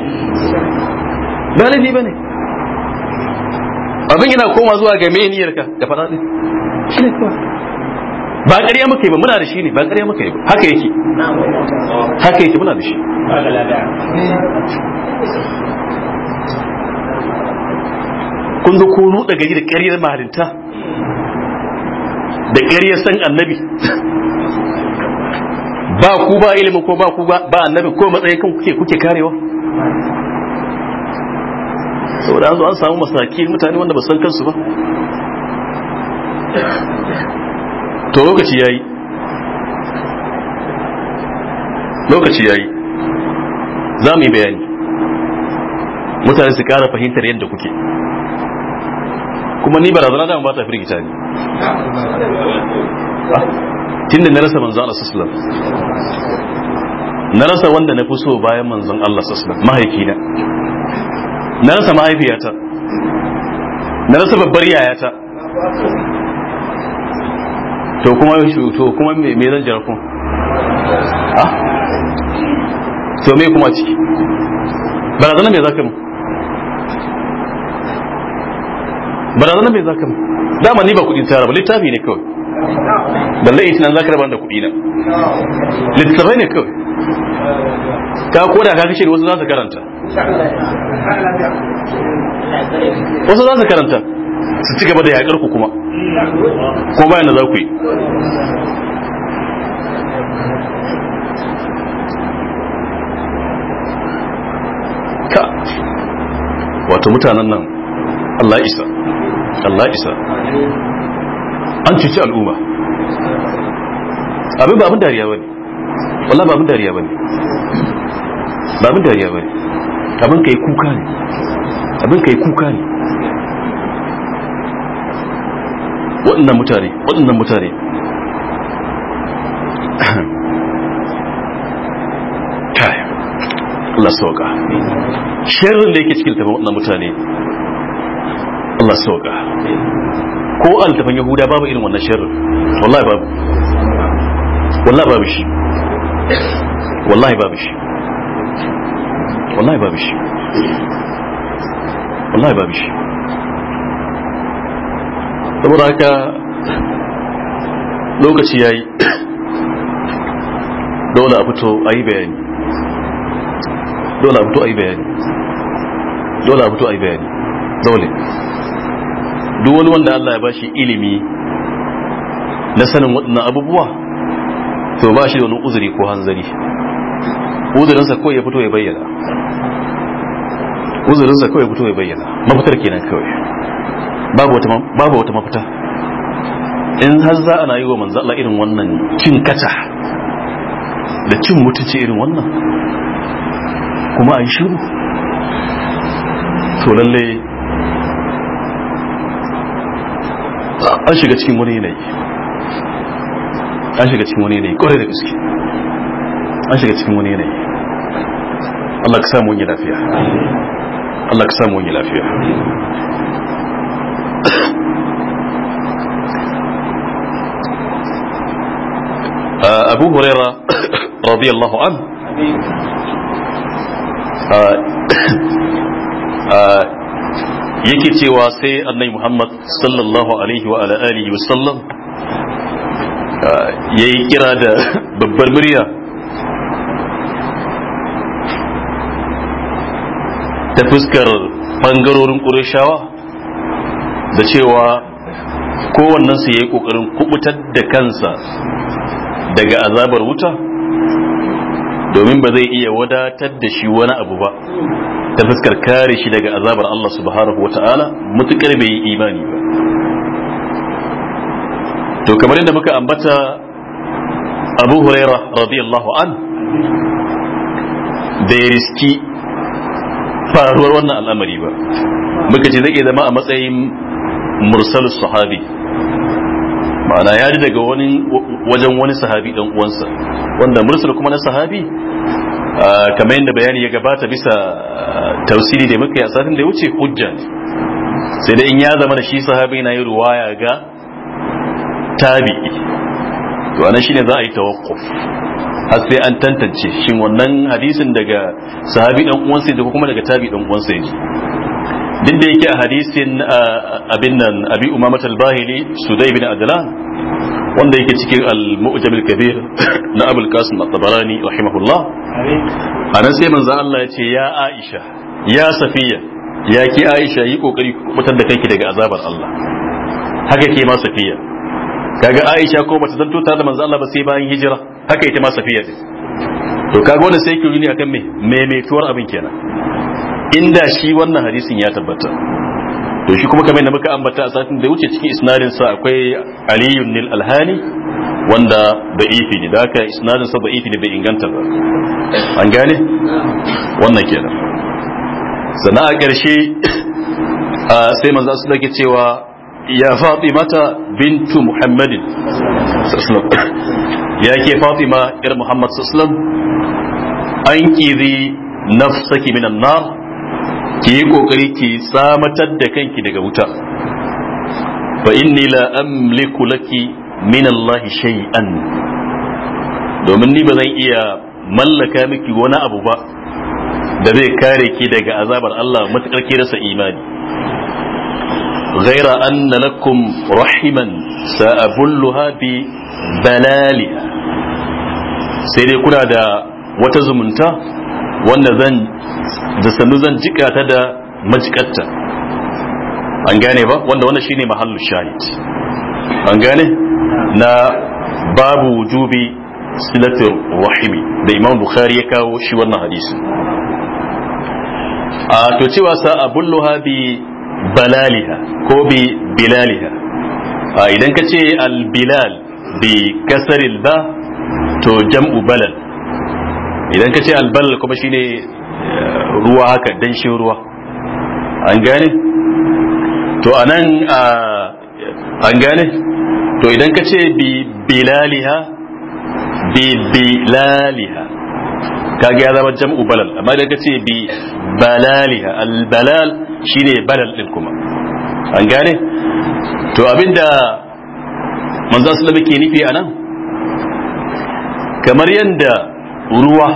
ba laifi ba ne abin yana koma zuwa ga meniyar ka da fada din ba ƙarya muka yi ba muna da shi ne ba ƙarya muka yi ba haka yake haka yake muna da shi kun zo ko ruɗa gari da ƙaryar mahalinta da ƙaryar san annabi ba ku ba ilimin ko ba ku ba annabi ko matsayin kan kuke kuke karewa saboda an zo an samu masaki mutane wanda ba san kansu ba to lokaci yayi lokaci yayi za mu yi bayani mutane su kara fahimtar yadda kuke kuma ni barazana da ba ta firgita ne da na rasa manzo Allah sallallahu alaihi wasallam na rasa wanda na fi so bayan manzon Allah sallallahu alaihi wasallam mahaifina na rasa mahaifiyata na rasa babbar yayata to kuma to kuma me zan jira kuma ah to me kuma ciki barazana me zaka mu barazana me zaka mu dama ni ba kudin tara ba littafi ne kawai balle ita nan zaka rabar da kudi na littafai ne kawai ka koda ka kashe wasu za su karanta wasu za su karanta su ci gaba da yaƙar ku kuma ko bayan da za ku yi ka wato mutanen nan Allah isa Allah isa an cuci al'umma abin ba abin dariya ba ne, wallah ba abin dariya ba ne. ba mun dariya ba abin kai kuka ne abin kai kuka ne waɗannan mutane waɗannan mutane kai Allah sauka sharrin da yake cikin tafin waɗannan mutane Allah sauka ko altafan yahuda babu irin wannan sharrin wallahi babu wallahi babu shi wallahi babu shi wallahi babu shi wallahi babu shi saboda haka lokaci ya yi dole a fito a yi bayani dole a fito a yi bayani dole a fito a yi bayani dole duk wani wanda Allah ya bashi ilimi na sanin waɗannan abubuwa to ba shi da wani uzuri ko hanzari uzurinsa kawai ya fito ya bayyana uzurinsa kawai ya fito ya bayyana mafitar kenan kawai babu wata mafita in har za ana yi wa manzo Allah irin wannan cin kata da cin mutunci irin wannan kuma a yi shiru to lalle an shiga cikin wani yanayi an shiga cikin wani yanayi kwarai da gaske an shiga cikin wani yanayi Allah ka samu yi lafiya Allah ka samu yi lafiya abu huraira radiyallahu an yake cewa sai annai muhammad sallallahu alaihi wa ala alihi wasallam ya yi kira da babbar murya ta fuskar bangarorin ƙureshawa da cewa kowannensu ya yi ƙoƙarin kubutar da kansa daga azabar wuta domin ba zai iya wadatar da shi wani abu ba ta fuskar kare shi daga azabar Allah subhanahu wa ta'ala mutukar bai yi imani ba to kamar yadda muka ambata abu huraira radiyallahu an da ya riski faruwar wannan al'amari ba muka ce zai zama a matsayin mursal sahabi ma'ana ya ji daga wani wajen wani sahabi dan uwansa wanda mursal kuma na sahabi kamar yadda bayani ya gabata bisa tausiri da muka yi a satin da ya wuce hujja sai da in ya zama da shi sahabi na yi ruwaya ga tabi'i to anan shine za a yi tawakkuf har sai an tantance shin wannan hadisin daga sahabi dan uwan ne ko kuma daga tabi dan uwansa ne din da yake a hadisin abin nan abi umamat al-bahili sudai bin adlan wanda yake cikin al-mu'jam al-kabir na abul qasim at-tabarani rahimahullah anan sai manzo Allah ya ce ya aisha ya safiya ya ki aisha yi kokari ku mutar da kanki daga azabar Allah haka ke ma safiya kaga Aisha ko bata zanto tare da manzo Allah ba sai bayan hijira haka ita ma Safiya ce to kaga wannan sai ki ne akan me maimaituwar abin kenan inda shi wannan hadisin ya tabbata to shi kuma kamar yadda muka ambata a satin da wuce cikin isnadin sa akwai Ali ibn al-Alhani wanda da'ifi ne da haka isnadin sa da'ifi ne bai inganta ba an gane wannan kenan Sana'a karshe ƙarshe sai manzo Allah ke cewa ya fatimata bintu muhammadin ya ke fatima yar muhammad sallam an kiri nafsaki minan nar ki yi kokari ki samatar da kanki daga wuta fa inni la amliku laki min Allah domin ni ba zan iya mallaka miki wani abu ba da zai kare ki daga azabar Allah matakar ki rasa imani غير أن لكم رحما سأبلها ببلالها سيدي كنا دا وتزمنتا da sannu zan jika ta da majikatta an gane ba wanda wannan shine mahallu shahid an gane na babu jubi silatir rahimi da imam bukhari ya kawo shi wannan hadisi a to cewa sa abulluha bi balaliha ko bi bilaliha a idan ka ce albilal bi kasaril ba to jam'u balal idan ka ce albalal kuma shine eh, ruwa haka danshin ruwa an gane to anan an gane to idan ka ce bi bilaliha bi bilaliha kaga ya zama jam'u balal amma idan ka ce bi balaliha albalal Shi ne balal ɗin kuma an gane to abinda manzo sallallahu alaihi ke nufi anan kamar yadda ruwa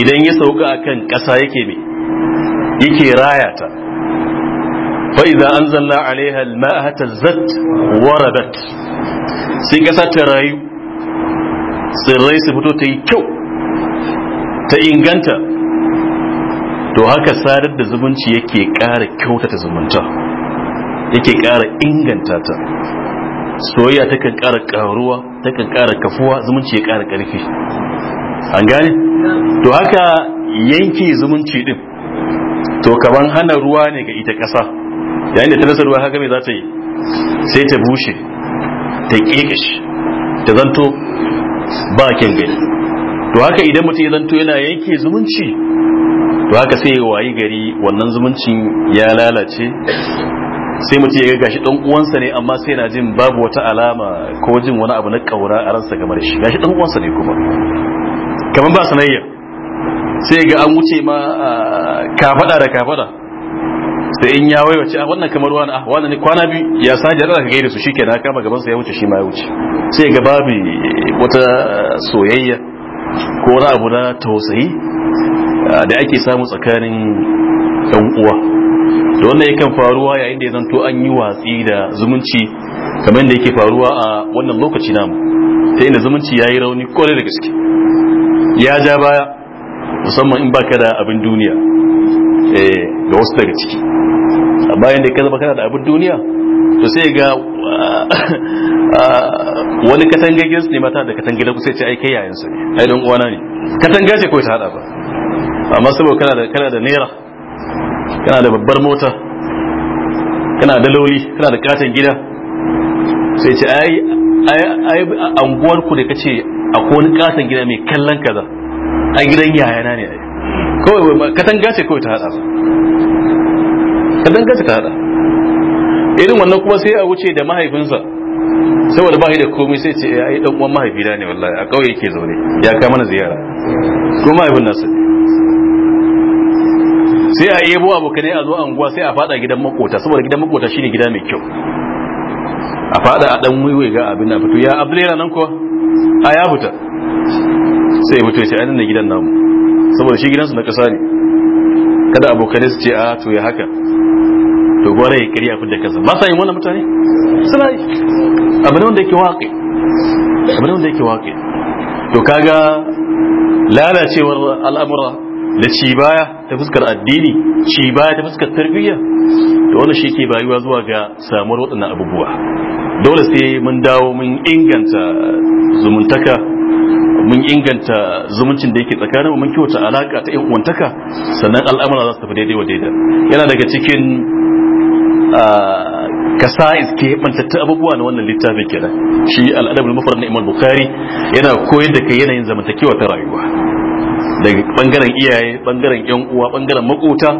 idan ya sauka akan ƙasa yake ne yake raya ta fa'iza an zalla alaiha ma'ata zat waradat sai ƙasa ta rayu tsirrai su fito ta yi kyau ta inganta to haka sadar da zumunci yake ƙara kyautata zumunta yake ƙara inganta ta soyayya takan ƙara ƙaruwa takan ƙara kafuwa zumunci ya ƙara ƙarfi an gane to haka yanke zumunci din to kaman hana ruwa ne ga ita ƙasa yayin da ta rasa ruwa haka me za ta yi sai ta bushe ta ƙeƙashi ta zanto ba kyan gani to haka idan mutum ya zanto yana yanke zumunci to haka sai ya wayi gari wannan zumuncin ya lalace sai mutum ya gashi dan uwansa ne amma sai na jin babu wata alama ko jin wani abu na kaura a ransa kamar shi gashi dan uwansa ne kuma kamar ba sanayya sai ga an wuce ma kafada da kafada sai in ya waiwace a ah, wannan kamar wani ah wani kwana biyu ya saje da ka gaida su shikenan kama gaban sa ya wuce shi ma ya wuce sai ga babu wata soyayya ko wani abu na tausayi ah, da ake samu tsakanin yan uwa da wannan yakan faruwa yayin da ya zanto an yi watsi da zumunci kamar da yake faruwa a wannan lokaci namu ta inda zumunci ya yi rauni kwarai da gaske ya ja baya musamman in baka da abin duniya eh, ga wasu daga ciki bayan da ka zama kana da abin duniya to sai ga ah, wani katanga gidansu ne mata da katanga da sai ce ai kai yayin sa ai don uwana ne katanga ce ko ta hada ba amma saboda kana da kana da naira kana da babbar mota kana da lauli kana da katan gida sai ce ai ai anguwar ku da kace akwai wani katan gida mai kallon kaza a gidan yayana ne ai kawai katanga ce kawai ta hada ba ka dangasa ka hada irin wannan kuma sai a wuce da mahaifinsa saboda ba da komai sai ce eh, ai dan uwan mahaifina ne wallahi a kauye yake zaune ya kai mana ziyara ko mahaifin nasu sai a yebo abokanai a zo unguwa sai a fada gidan makota saboda gidan makota shine gida mai kyau a fada a dan wiwe ga abin da fito ya abdullahi nan kuwa a ya fita sai ya fito ya ce ainihin gidan namu saboda shi gidansu na kasa ne kada abokanai su ce a ah, to ya haka to gore ya kariya da kansa ba sa yin wannan mutane suna yi abin da yake waƙe abin da wanda yake waƙe to kaga lalacewar al'amura da ci baya ta fuskar addini ci baya ta fuskar tarbiyya to wani shi ke bayuwa zuwa ga samuwar waɗannan abubuwa dole sai mun dawo mun inganta zumuntaka mun inganta zumuncin da yake tsakanin mun kyauta alaka ta yan uwantaka sannan al'amura za su tafi daidai wa daidai yana daga cikin ka sa'is ke bantattun abubuwa na wannan littafin kenan shi al'adabul mufrad na imam bukhari yana koyar da kai yanayin zamantakewa ta rayuwa daga bangaren iyaye bangaren yan uwa bangaren makota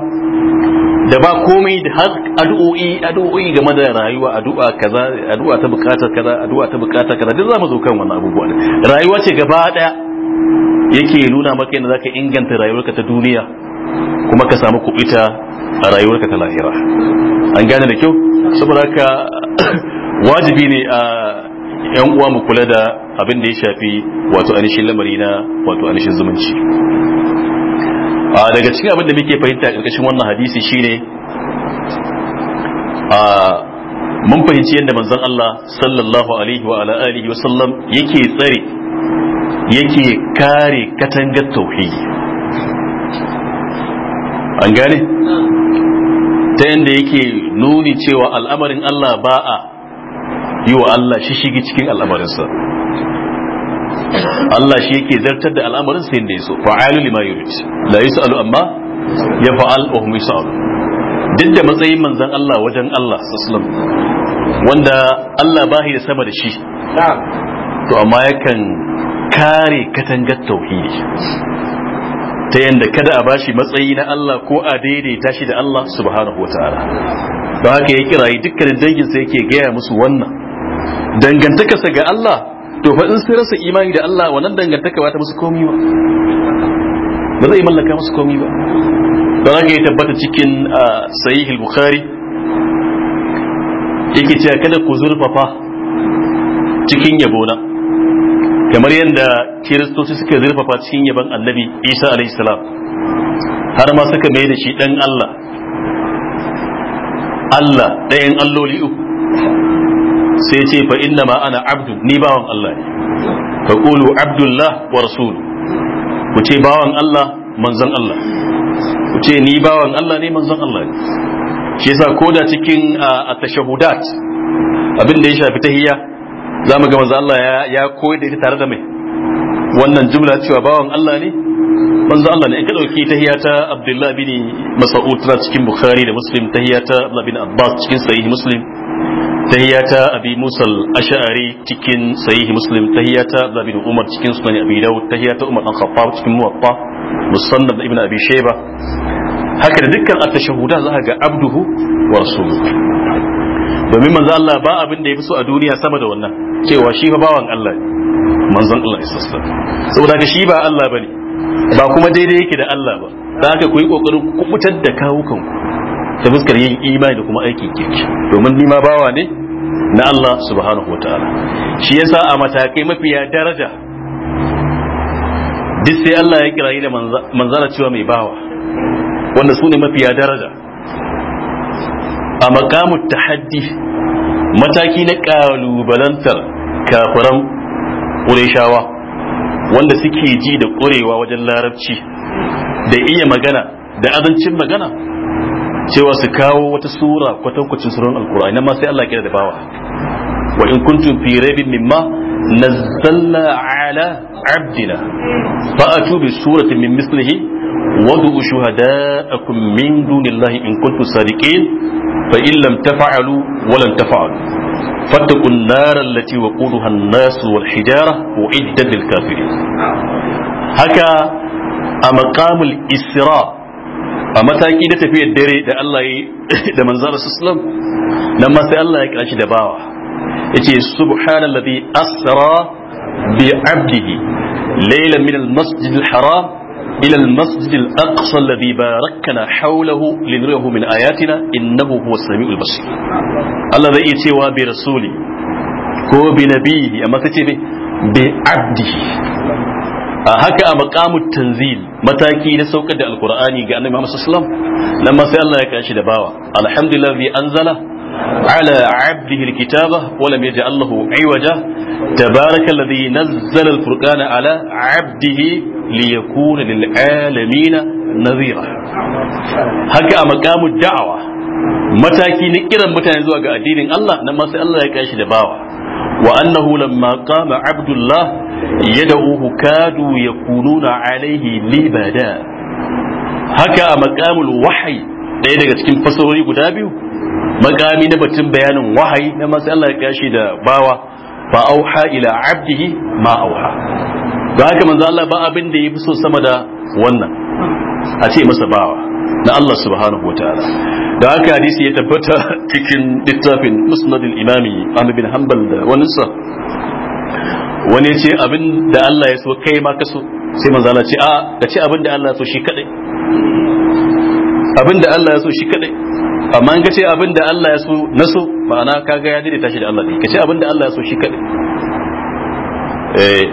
da ba komai da har addu'o'i addu'o'i game da rayuwa addu'a kaza addu'a ta bukatar kaza addu'a ta bukatar kaza duk zamu zo kan wannan abubuwa rayuwa ce gaba daya yake nuna maka yadda zaka inganta rayuwarka ta duniya kuma ka samu kuɓuta a rayuwarka ta lahira an gane da kyau saboda haka wajibi ne a yan uwa mu kula da abin da ya shafi wato anishin lamari na wato anishin zumunci daga cikin abin da muke fahimta karkashin wannan hadisi shine a mun fahimci yadda manzon Allah sallallahu alaihi wa ala alihi wa sallam yake tsare yake kare katangar tauhidi an gane ta yadda yake nuni cewa al'amarin Allah ba a yi wa Allah shi shigi cikin al'amarinsa Allah shi yake zartar da al'amarinsa yadda ya so fa'alu lima yurid la sa'alu amma ya fa'al wa hum yus'alu duk da matsayin manzon Allah wajen Allah sallallahu wanda Allah bahi da sama da shi to amma yakan kare katangar tauhidi ta yanda kada a bashi matsayi na Allah ko a daidaita shi da Allah subhanahu ta'ala ba haka ya yi dukkanin dangin sa yake gaya musu wannan dangantakarsa ga Allah to fa in sai rasa imani da Allah wannan dangantaka ba ta musu komai ba ba zai mallaka musu komai ba ba haka ya tabbata cikin sahih al-bukhari yake cewa kada ku zurfafa cikin yabona kamar yadda kiristoci suka zurfafa cikin yaban annabi isa alaihissalam har ma suka mai da shi ɗan allah allah ɗayan alloli uku sai ce fa inna ma ana abdu ni bawan allah ne fa qulu abdullah wa rasul ku ce bawan allah manzon allah ku ce ni bawan allah ne manzon allah ne shi yasa koda cikin a tashahudat abin da ya shafi tahiyya za mu ga manzo Allah ya koyi da ita tare da mai wannan jumla cewa bawan Allah ne manzo Allah ne in ka dauki tahiyya ta Abdullah bin Mas'ud tana cikin Bukhari da Muslim tahiyya ta Abdullah bin Abbas cikin Sahih Muslim tahiyya ta Abi Musa al-Ash'ari cikin Sahih Muslim tahiyya ta Abdullah bin Umar cikin Sunan Abi Dawud tahiyya ta Umar bin Khattab cikin Muwatta musannad da Ibn Abi Shayba haka da dukkan at-tashahhuda za ga abduhu wa rasuluhu domin manzo Allah ba abin da ya fi so a duniya sama da wannan cewa shi fa bawan Allah ne manzon Allah ya sassa saboda ka shi ba Allah bane ba kuma daidai yake da Allah ba da haka ku yi kokarin kubutar da kawukan ku ta fuskar yin imani da kuma aikin kirki domin ni ma bawa ne na Allah subhanahu wataala shi yasa a matakai mafiya daraja duk sai Allah ya kira da manzara cewa mai bawa wanda su ne mafiya daraja a makamu tahaddi mataki na kalubalantar kafiran ƙureshawa wanda suke ji da ƙurewa wajen larabci da iya magana da azancin magana cewa su kawo wata sura kwatankwacin suran alkur'ani nan ma sai Allah ke da bawa wa in kuntum fi raibin mimma nazzalna ala abdina fa atu bi suratin min mislihi wadu shuhada'akum min dunillahi in kuntum sadiqin fa in lam taf'alu wa lan taf'alu fattaqu an-nar allati waquduha an-nas wal hijara uiddat lil kafirin haka a maqamul isra' a mataki da tafiyar dare da manzara Allah ya kira shi da bawa yace subhanallazi asra bi abdihi laylan min masjid haram ila al-masjid aqsa alladhi barakna hawlahu linuriyahu min ayatina innahu huwa samiul basir Allah zai iya cewa bi rasuli ko bi nabihi amma sai ce bi abdihi a haka a makamun tanzil mataki na saukar da alkur'ani ga annabi Muhammad sallallahu alaihi wasallam nan ma sai Allah ya kashi da bawa alhamdulillah bi anzala على عبده الكتاب ولم يجعل له عوجا تبارك الذي نزل الفرقان على عبده ليكون للعالمين نذيرا هكا مقام الدعوة mataki na kiran mutane zuwa ga addinin Allah na ma sai Allah ya kai shi da bawa wa annahu lamma qama abdullah yad'uhu kadu yakununa alaihi libada haka a maqamul wahyi ɗaya daga cikin fasarori guda biyu makami na batun bayanin wahayi na masu Allah ya kashi da bawa ba auha ila abdihi ma auha da haka manzo Allah ba abin da yafi so sama da wannan a ce masa bawa na Allah subhanahu wataala da haka hadisi ya tabbata cikin littafin musnad imami Ahmad bin Hanbal da wani sa wani ce abin da Allah ya so kai ma ka so sai manzo Allah ce a ka ce abin da Allah ya so shi kadai Abin da Allah ya so shi kadai amma in kace abin da Allah ya so na so ma'ana kaga ya dade tashi da Allah ne kace da Allah ya so shi kadai eh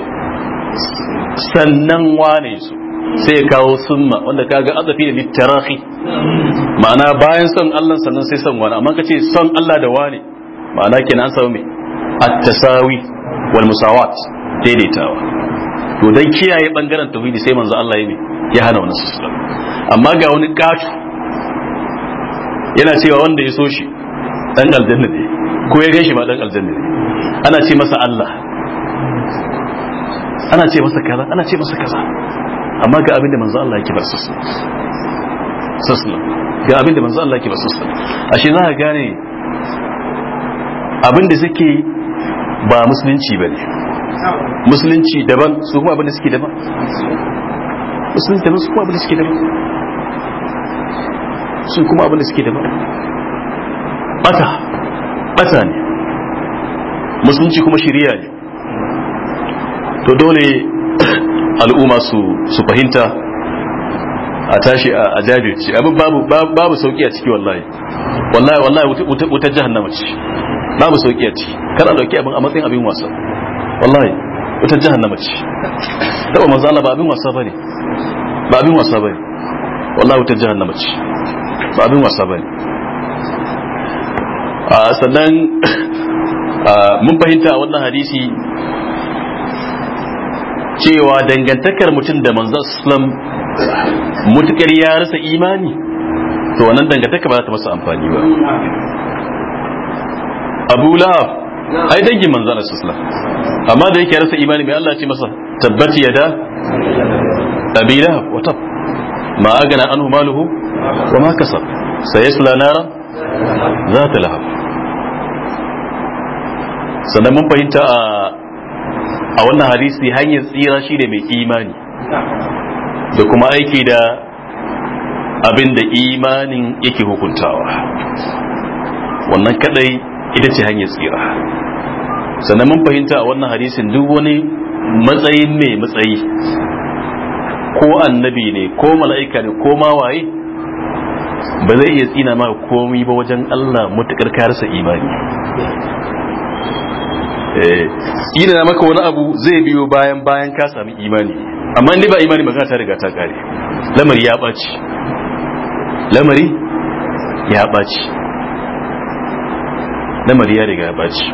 sannan wane su sai ya kawo sunna wanda kaga azafi da littarahi ma'ana bayan son Allah sannan sai son wani amma kace son Allah da wane ma'ana kenan an samu me at-tasawi wal musawat daidaitawa to dan kiyaye bangaren tauhidi sai manzo Allah ya me ya hana wannan amma ga wani kacu yana cewa wanda ya so shi dan aljanna ne ko ya gan shi ma dan aljanna ne ana ce masa Allah ana ce masa kaza ana ce masa kaza amma ga abin da manzo Allah yake bar sassa sassa ga abin da manzo Allah yake bar sassa ashe za ka gane abin da suke ba musulunci bane musulunci daban su kuma abin da suke daban musulunci daban su kuma abin da suke daban su kuma abin da suke da bata bata ne musulunci kuma shiriya ne to dole al'umma su fahimta a tashi a jajirci abin babu babu sauki a ciki wallahi wallahi wallahi wutar jahannama ce babu sauki a ciki kar a dauki abin a matsayin abin wasa wallahi wutar jahannama ce taba manzo Allah ba abin wasa bane ba abin wasa bane wallahi wutar jahannama ce ba abin wasa bane sannan mun fahimta wannan hadisi cewa dangantakar mutum da manzon islam mutukar ya rasa imani to wannan dangantaka ba za ta masa amfani ba abu la'af ai dangin manzan islam amma da yake rasa imani mai Allah ce masa tabbati da abi la'af wata ma agana anhu maluhu وما ma kasab sayasla ذات za ta sannan mun fahimta a wannan hadisi hanyar tsira shi mai imani da kuma aiki da abinda da imanin yake hukuntawa wannan kadai ita ce hanyar tsira sannan mun fahimta a wannan hadisin duk wani matsayin mai matsayi ko annabi ne ko mala'ika ne ko mawaye ba zai iya tsina ma komai ba wajen Allah matuƙar ka imani eh, tsina maka wani abu zai biyo bayan bayan ka sami imani amma ni ba imani ba ta riga ta kare lamari ya ɓaci lamari ya ɓaci lamari ya riga ya ɓaci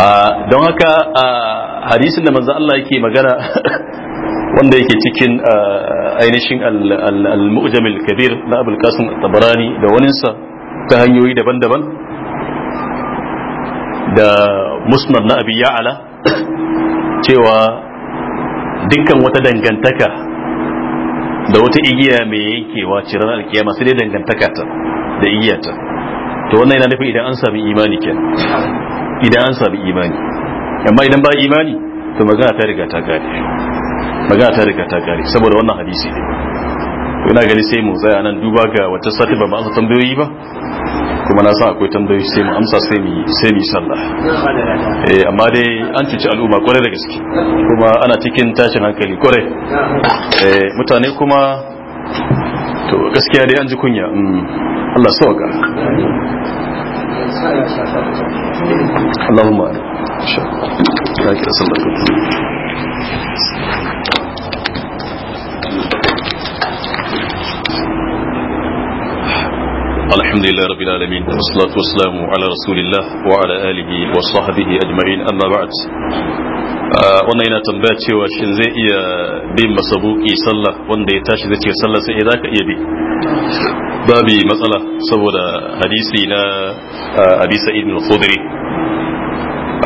ah, don haka ah, hadisin da manzo Allah yake magana wanda yake cikin uh, ainihin al-mu'jamil kabir na abul qasim tabarani da waninsa ta hanyoyi daban-daban da musnad na abi ya'ala cewa dukkan wata dangantaka da wata igiya mai yankewa ciran alkiyama sai dai dangantaka ta da igiyata to wannan yana nufin idan an sami imani kenan idan an sami imani amma idan ba imani to magana ta riga ta gane magana ta riga ta kare saboda wannan hadisi ne ina gani sai mu tsaya nan duba ga wata sati ba su tambayoyi ba kuma na san akwai tambayoyi sai mu amsa sai mu sai mu sallah eh amma dai an cici al'umma kware da gaske kuma ana cikin tashin hankali kware eh mutane kuma to gaskiya dai an ji kunya mm, Allah sauka اللهم الحمد لله رب العالمين والصلاة والسلام على رسول الله وعلى آله وصحبه أجمعين أما بعد wannan yana tambaya cewa shin zai iya bin masabuki sallah wanda ya tashi zai ce sallah sai za ka iya bi babu matsala saboda hadisi na uh, abi sa'id al-khudri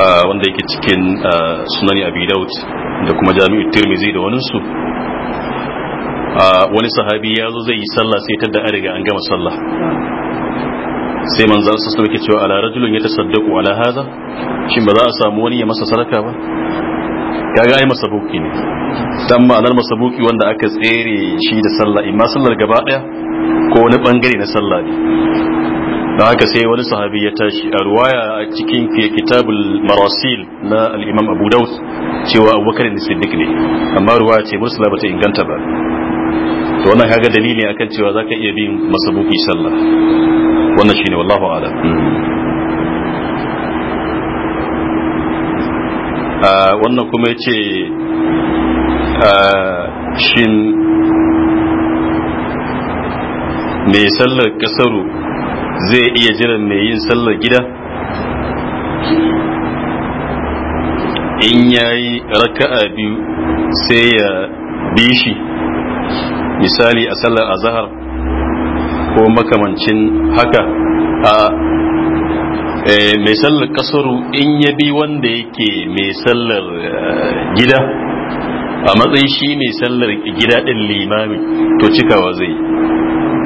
uh, wanda yake cikin uh, sunani abi daud da kuma jami'u tirmizi da waninsu wani sahabi ya zo zai yi sallah sai tadda an riga an gama sallah sai man su su cewa ala rajulun ya tasaddaku ala hadha shin ba za a samu wani ya masa sadaka ba kaga ai masabuki ne dan ma'anar masabuki wanda aka tsere shi da sallah imma sallar gaba daya ko wani bangare na sallah ne da haka sai wani sahabi ya tashi a ruwaya a cikin kitabul marasil na al-imam abu daud cewa abubakar ne siddiq ne amma ruwaya ce mursala bata inganta ba to wannan kaga dalili akan cewa zaka iya bin masabuki sallah wannan shine wallahu a'lam ah, wannan kuma yace ah, shin mai sallar kasaru zai iya jiran mai yin sallar gida in yayi raka'a biyu sai ya bi shi misali a sallar azahar ko makamancin haka a e, mai sallar kasaru in ya bi wanda yake mai sallar e, gida a matsayi shi mai sallar gida ɗin limami to cikawa zai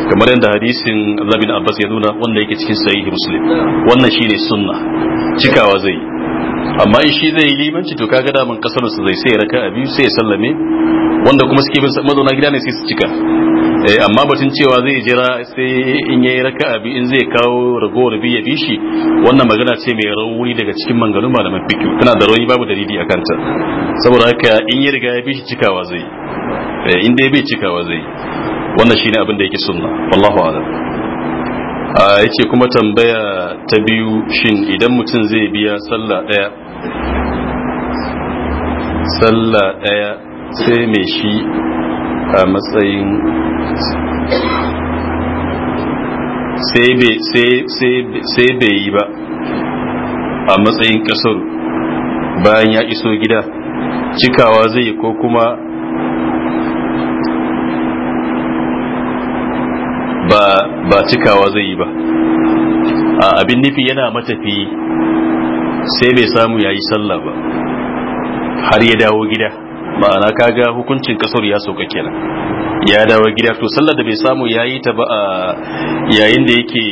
kamar yadda hadisin na abbas ya nuna wanda yake cikin sahihi muslim wannan shine sunna cikawa zai amma in shi zai yi limanci to kaga daman kasar su zai sai raka biyu sai sallame wanda kuma suke bin mazauna gida ne sai su cika eh, amma batun cewa zai jira sai in yayi raka biyu in zai kawo rubi ya bi shi wannan magana ce mai rauni daga cikin manganu malaman fiqh kana da rauni babu dalili a kanta saboda haka in ya riga ya bi shi cikawa zai eh, in dai bai cikawa zai wannan shine abin da yake sunna wallahu a'lam ya yake kuma tambaya ta biyu shin idan mutum zai biya sallah ɗaya sallah ɗaya sai mai shi a matsayin sai bai yi ba a matsayin ƙasar bayan ya iso gida cikawa zai ko kuma ba ba cikawa zai yi ba a abin nufi yana matafi sai bai samu yayi sallah ba har ya dawo gida ma'ana kaga hukuncin kasar ya sauka kenan ya dawo gida to sallar da bai samu yayi ta ba yayin da yake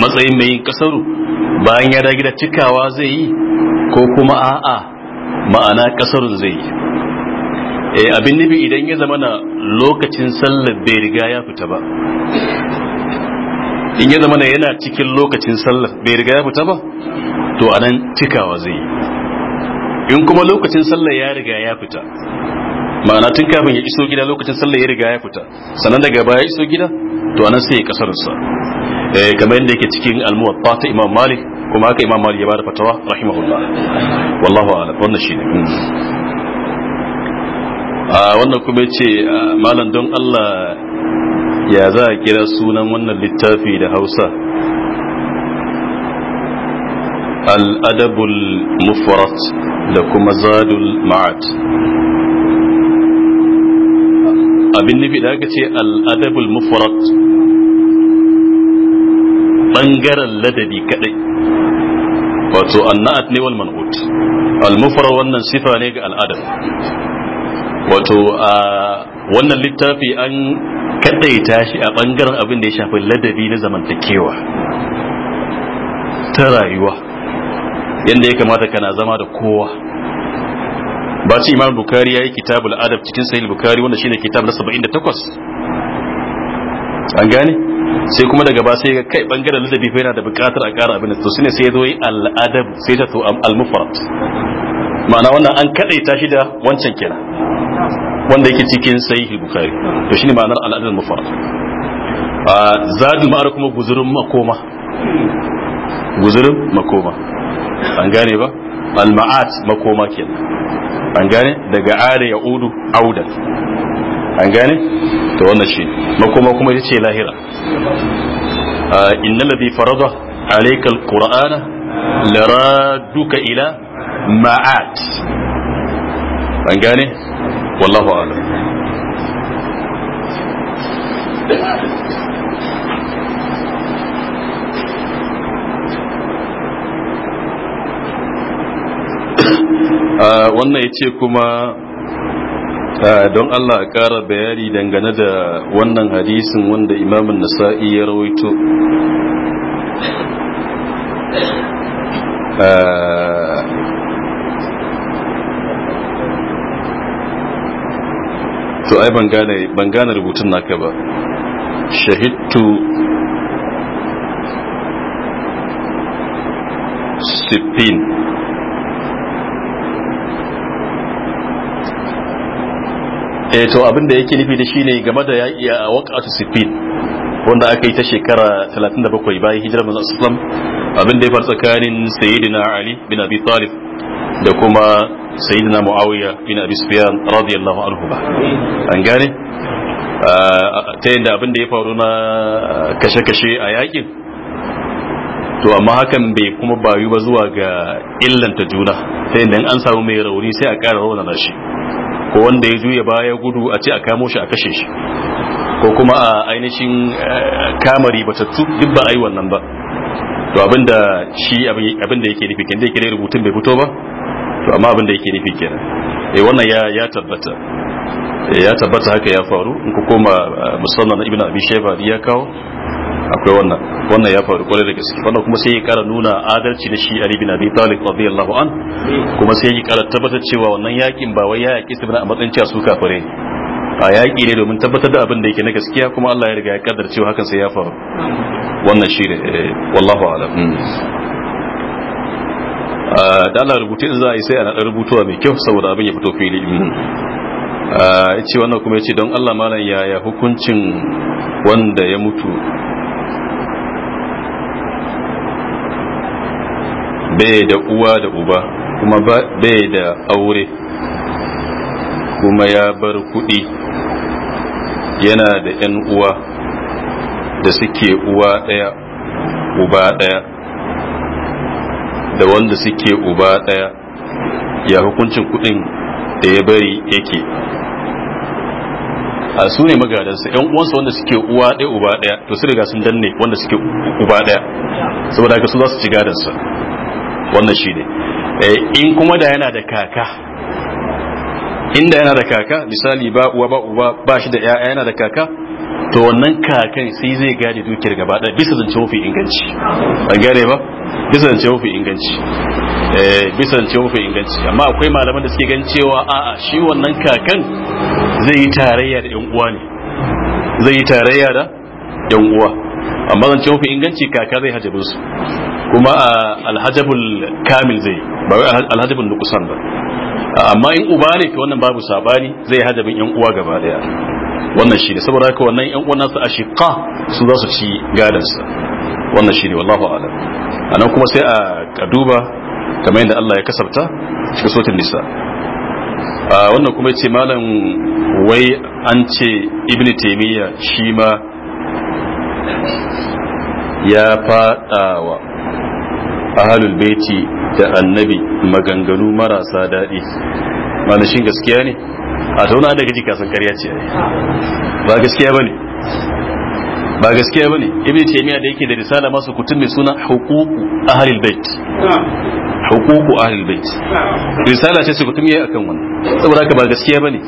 matsayin mai yin kasaru bayan ya dawo gida cikawa zai yi ko kuma a'a ma'ana kasarun zai yi eh abin nufi idan ya zama na lokacin sallar bai riga ya fita ba in ya zama na yana cikin lokacin sallar bai riga ya fita ba to anan cikawa zai yi in kuma lokacin sallar ya riga ya fita ma'ana tun kafin ya iso gida lokacin sallar ya riga ya fita sannan daga baya iso gida to anan sai ya kasarsa eh kamar yadda yake cikin almuwatta ta imam malik kuma haka imam malik ya bada fatawa rahimahullah wallahu a'lam wannan shine hmm. wannan kuma ce malam don Allah ya za a kira sunan wannan littafi da hausa al'adabul mufarat da kuma zadul ma'at abin nufi da aka ce al'adabul mufarat ɓangaren ladabi kaɗai wato na'at ne wal man'ut al mufarar wannan sifa ne ga al'adab wato wannan littafi an kadaita shi a bangaren abin da ya shafi ladabi na zamantakewa ta rayuwa yadda ya kamata kana zama da kowa ba ce imam bukari ya yi kitabul adab cikin sahih bukari wanda shine kitab na 78 an gane sai kuma daga ba sai kai bangaren ladabi fa yana da bukatar a kara abin da to ne sai ya zo yi al adab sai ta to al mufrad ma'ana wannan an kadaita shi da wancan kenan wanda yake cikin sahihi bukhari to shine ma'anar al'adul a zadi ma'ana kuma guzurin makoma guzurin makoma an gane ba al-ma'at makoma kenan an gane daga are ya udu audan an gane to wannan shi makoma kuma yace lahira innal ladhi farada alayka al-qur'ana laraduka ila ma'at an gane wallahu alam ah, wannan ya ce kuma ah, don Allah a ƙara bayani dangane da wannan hadisin wanda imamun nasa'i ya rawaito ah, to ai ban gane ban gane rubutun naka ba shahidtu Sipin. eh to abin da yake nufi da shine game da yaƙi a waqatu Sipin wanda aka yi ta shekara 37 bayan hijirar manzon sallam abin da ya faru tsakanin sayyidina ali bin abi talib da kuma sayyidina muawiya bin abi sufyan radiyallahu anhu ba an gane ah, ta yadda abin da ya faru na kashe-kashe a yakin to amma hakan bai kuma bayu ba zuwa ga illanta juna ta yadda an samu mai rauni sai a ƙara na shi ko wanda ya juya baya gudu a ce a kamo shi a kashe shi ko kuma a ainihin eh, kamari batattu duk ba a yi wannan ba to abinda shi abinda yake nufi kin da yake rubutun bai fito ba to amma abin da yake nufi kenan eh wannan ya ya tabbata eh, ya tabbata haka ya faru in ku koma eh, musamman ibn abi shayba ya kawo akwai wannan wannan ya faru kwarai da gaske wannan kuma sai ya kara nuna adalci da shi ali bin abi talib radiyallahu an kuma sai ya kara tabbatar cewa wannan yakin ba wai ya yaki su a matsayin cewa su kafare a yaki ne domin tabbatar da abin da yake na gaskiya kuma Allah ya riga ya kaddar cewa hakan sai ya faru wannan shi ne eh, wallahu a'lam da ana rubuta in za a yi sai ana rubutuwa mai kyau saboda abin ya fito fili hmm. ya ce wannan kuma ya ce don Allah malam yaya hukuncin wanda ya mutu bai da uwa da uba kuma bai da aure kuma ya bar kuɗi yana da 'yan uwa da suke uwa ɗaya uba ɗaya da wanda suke uba ɗaya ya hukuncin kudin da ya bari yake a su ne magadansa yan uwansa wanda suke uwa ɗaya uba ɗaya to su riga sun danne wanda suke uba ɗaya saboda haka su za su ci gadansa wannan shi ne eh, in kuma da yana da kaka inda yana da kaka misali ba uwa ba uba ba shi da ya'ya yana da kaka to wannan kakan sai zai gane dukiyar gaba ɗaya bisa zance mafi inganci an gane ba Bisa ce mafi inganci eh, bisan ce mafi inganci amma akwai malaman da suke gan cewa a'a shi wannan kakan zai yi tarayya da yan uwa ne zai yi tarayya da yan uwa amma zan ce mafi inganci kaka zai hajabin su kuma alhajabul kamil zai ba wai alhajabul nukusan ba amma in uba ne to wannan babu sabani zai hajabin yan uwa gaba daya wannan shi ne saboda haka wannan yan uwan nasu ashiqa su za su ci gadansa wannan shi ne wallahu a'lam anan kuma sai a duba kamar yadda Allah ya kasarta cikin sotin nisa wannan kuma ce malam wai an ce ibn taimiyya shi ma ya fadawa ahalul baiti da annabi maganganu marasa daɗi mana gaskiya ne a tauna da gaji kasan karya ce ba gaskiya ba ne ba gaskiya bane ibn taymiya da yake da risala masu kutun mai suna huququ ahlil bait huququ ahlil bait risala ce kutun yayi akan wani. saboda haka ba gaskiya bane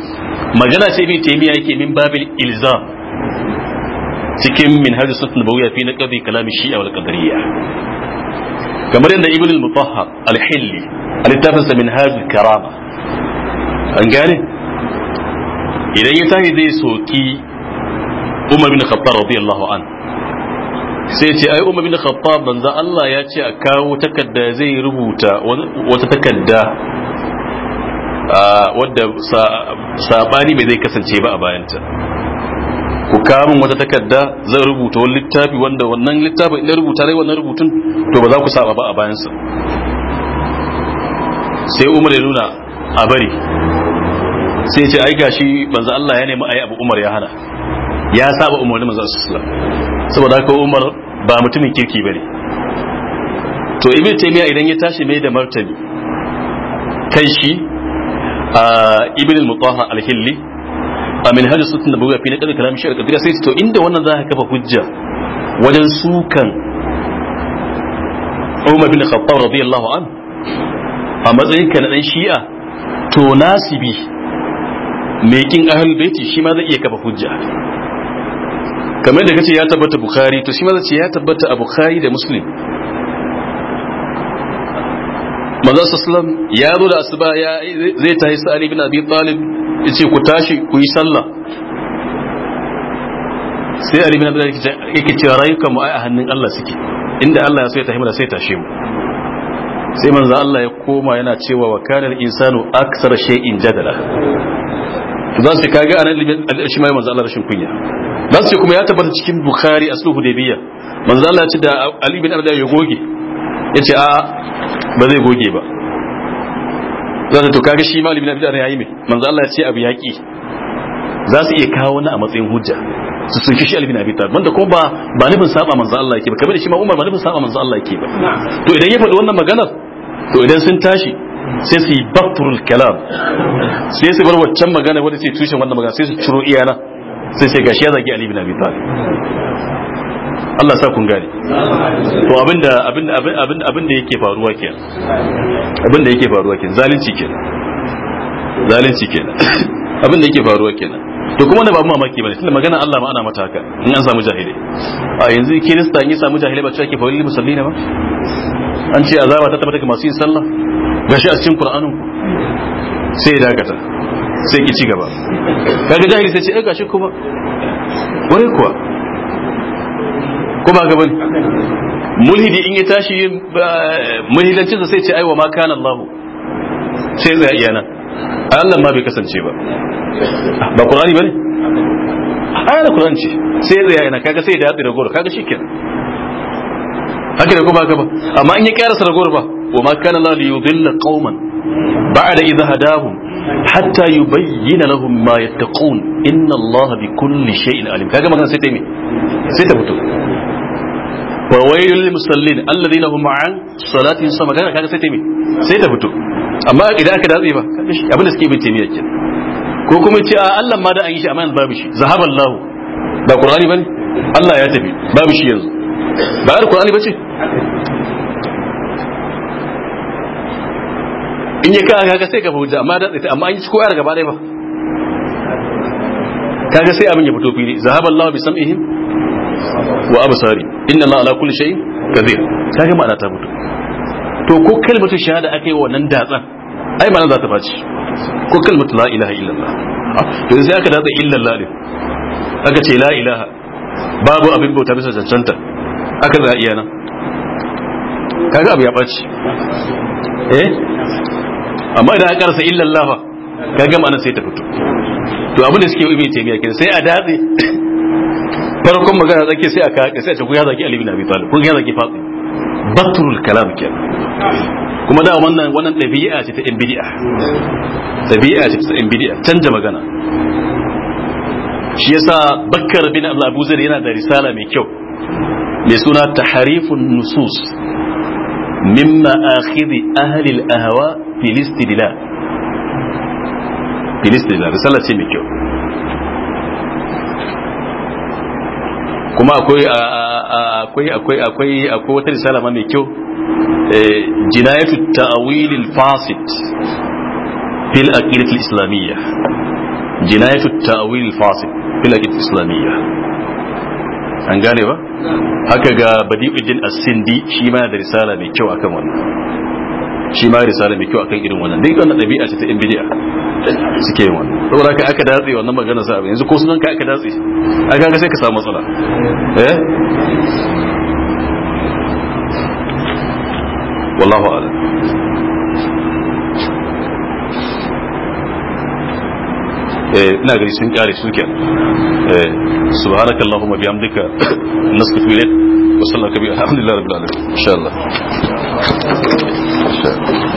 magana ce ibn taymiya yake min babin ilzam cikin min minhajus sunnah nabawiyya fi naqdi kalam shi'a wal qadariyya kamar yadda ibn al-mutahhar al-hilli al-littafin min minhajul karama an gane idan ya tashi zai soki umar bin khattab radiyallahu an sai ce ai umar bin khattab manzo Allah ya ce a kawo takarda zai rubuta wata takarda wadda sabani bai zai kasance ba a bayanta ku kamun wata takarda zai rubuta wani littafi wanda wannan littafin idan rubuta rai wannan rubutun to ba za ku saba ba a bayansa sai umar ya nuna a bari sai ce ai gashi banza Allah ya nemi ayi abu umar ya hana ya saba umarni manzon sallallahu alaihi saboda haka Umar ba mutumin kirki ne. to Ibn Taymiyyah idan ya tashi mai da martani kan shi Ibn al-Mutahhar al-Hilli a minhajus sunnah nabawiyya fi ƙarfi kalam shi'a kadir sai to inda wannan za ka kafa hujja wajen sukan Umar bin Khattab radiyallahu an a matsayin ka na dan shi'a to nasibi mai kin ahlul baiti shi ma zai iya kafa hujja kamar da kace ya tabbata bukhari to shi ma zace ya tabbata a bukhari da muslim maza sallam ya zo da asuba ya zai ta sa ali bin abi talib yace ku tashi ku yi sallah sai ali bin abi talib yake cewa rayukan mu ai a hannun Allah suke inda Allah ya so ya tafi mana sai tashe mu sai manzo Allah ya koma yana cewa wa kanal insanu aksar shay'in jadala to za sai kaga anan shi mai manzo Allah rashin kunya dan ce kuma ya tabbata cikin bukhari aslu hudaybiyya manzo Allah ya ce da ali bin abdullah ya goge Ya ce a ba zai goge ba za to kaga shi ma ali bin abdullah yayi me manzo Allah ya ce abu yaki za su iya kawo wani a matsayin hujja su sun shi Ali bin abi talib wanda ko ba ba nufin saba manzo Allah yake ba kamar shi ma Umar ba nufin saba manzo Allah yake ba to idan ya faɗi wannan maganar to idan sun tashi sai su yi bafturul kalam sai su bar waccan magana wanda sai tushen wannan magana sai su ciro iyana sai sai gashi ya zagi ali bin abi talib Allah sa kun gane to abinda abinda abinda abinda yake faruwa ke abinda yake faruwa ke zalunci ke zalunci ke abinda yake faruwa ke to kuma da ba mamaki bane tunda magana Allah ma ana mata haka in an samu jahili a yanzu kirista ne samu jahili ba cewa ke faru musulmi ne ba an ce azaba ta tabbata ga masu yin sallah gashi a cikin qur'anin sai ya dakata sai ki ci gaba kaga jahili sai ce ai eh, gashi kuma wai kuwa kuma gaban mulhidi in ya tashi mulhidancinsa sai ce wa ma kana Allah sai zai iya nan Allah ma bai kasance ba ba Qur'ani bane ayar Qur'ani ce sai zai iya nan kaga sai da yadda da gora kaga shikenan haka da kuma gaba amma in ya karasa da gora ba wa ma kana Allah li yudilla qauman ba'da idha hadahum hatta yubayyana lahum ma ya yattaqun inna allaha bi kulli shay'in alim kaga magana sai dai me sai ta fito wa waylul lil musallin alladhina hum an salatihim sama kaga kaga sai dai me sai ta fito amma idan aka datse ba abin da suke bin timiya kin ko kuma ce a Allah ma da an yi shi amma yanzu babu shi zahaballahu ba qur'ani bane Allah ya tafi babu shi yanzu ba qur'ani bace in ya kawai kaga sai ka hujja amma da amma an yi ko yar gaba dai ba kaga sai abin ya fito fili zahaballahu bi sam'ihim wa sari inda allaha ala shayi ka zai kaga ma'ana ta fito to ko kalmatu shahada aka wa nan datsan ai ma'ana za ta faci ko kalmatu la ilaha illallah to sai aka datsa illallah ne aka ce la ilaha babu abin bauta bisa cancanta aka za iya nan kaga abu ya ɓaci eh amma idan aka rasa illa lafa. ka gama nan sai ta fito to abin da suke yi mai taimiya kin sai a datse farkon magana zake sai a kaka sai a ce ku ya zaki Ali bin Abi Talib ku ya zaki Fatima batrul kalam kenan kuma da wannan wannan dabi'a ce ta yan dabi'a ce ta yan canja magana shi yasa bakkar bin Abdul Abu Zar yana da risala mai kyau mai suna tahrifun nusus mimma akhidhi ahli al-ahwa filistidila filistidila risala ce mai kyau kuma akwai akwai akwai akwai akwai wata risala ma mai kyau eh, jinayatu ta'wil al-fasid fil aqidah al-islamiyyah jinayatu ta'wil al-fasid fil aqidah al-islamiyyah an gane ba haka ga badi'uddin as-sindi shi ma da risala mai kyau akan wannan shi ma risala mai kyau akan irin wannan dai wannan dabi'a ce ta yan bid'a suke yi wannan saboda ka aka datse wannan magana sa yanzu ko sunan ka aka datse a ga sai ka samu matsala eh wallahu a'lam eh ina gari sun kare su ke eh subhanakallahu wa bihamdika nasbihu ilayk wa sallallahu alaihi wa sallam alhamdulillah rabbil alamin insha Allah Sure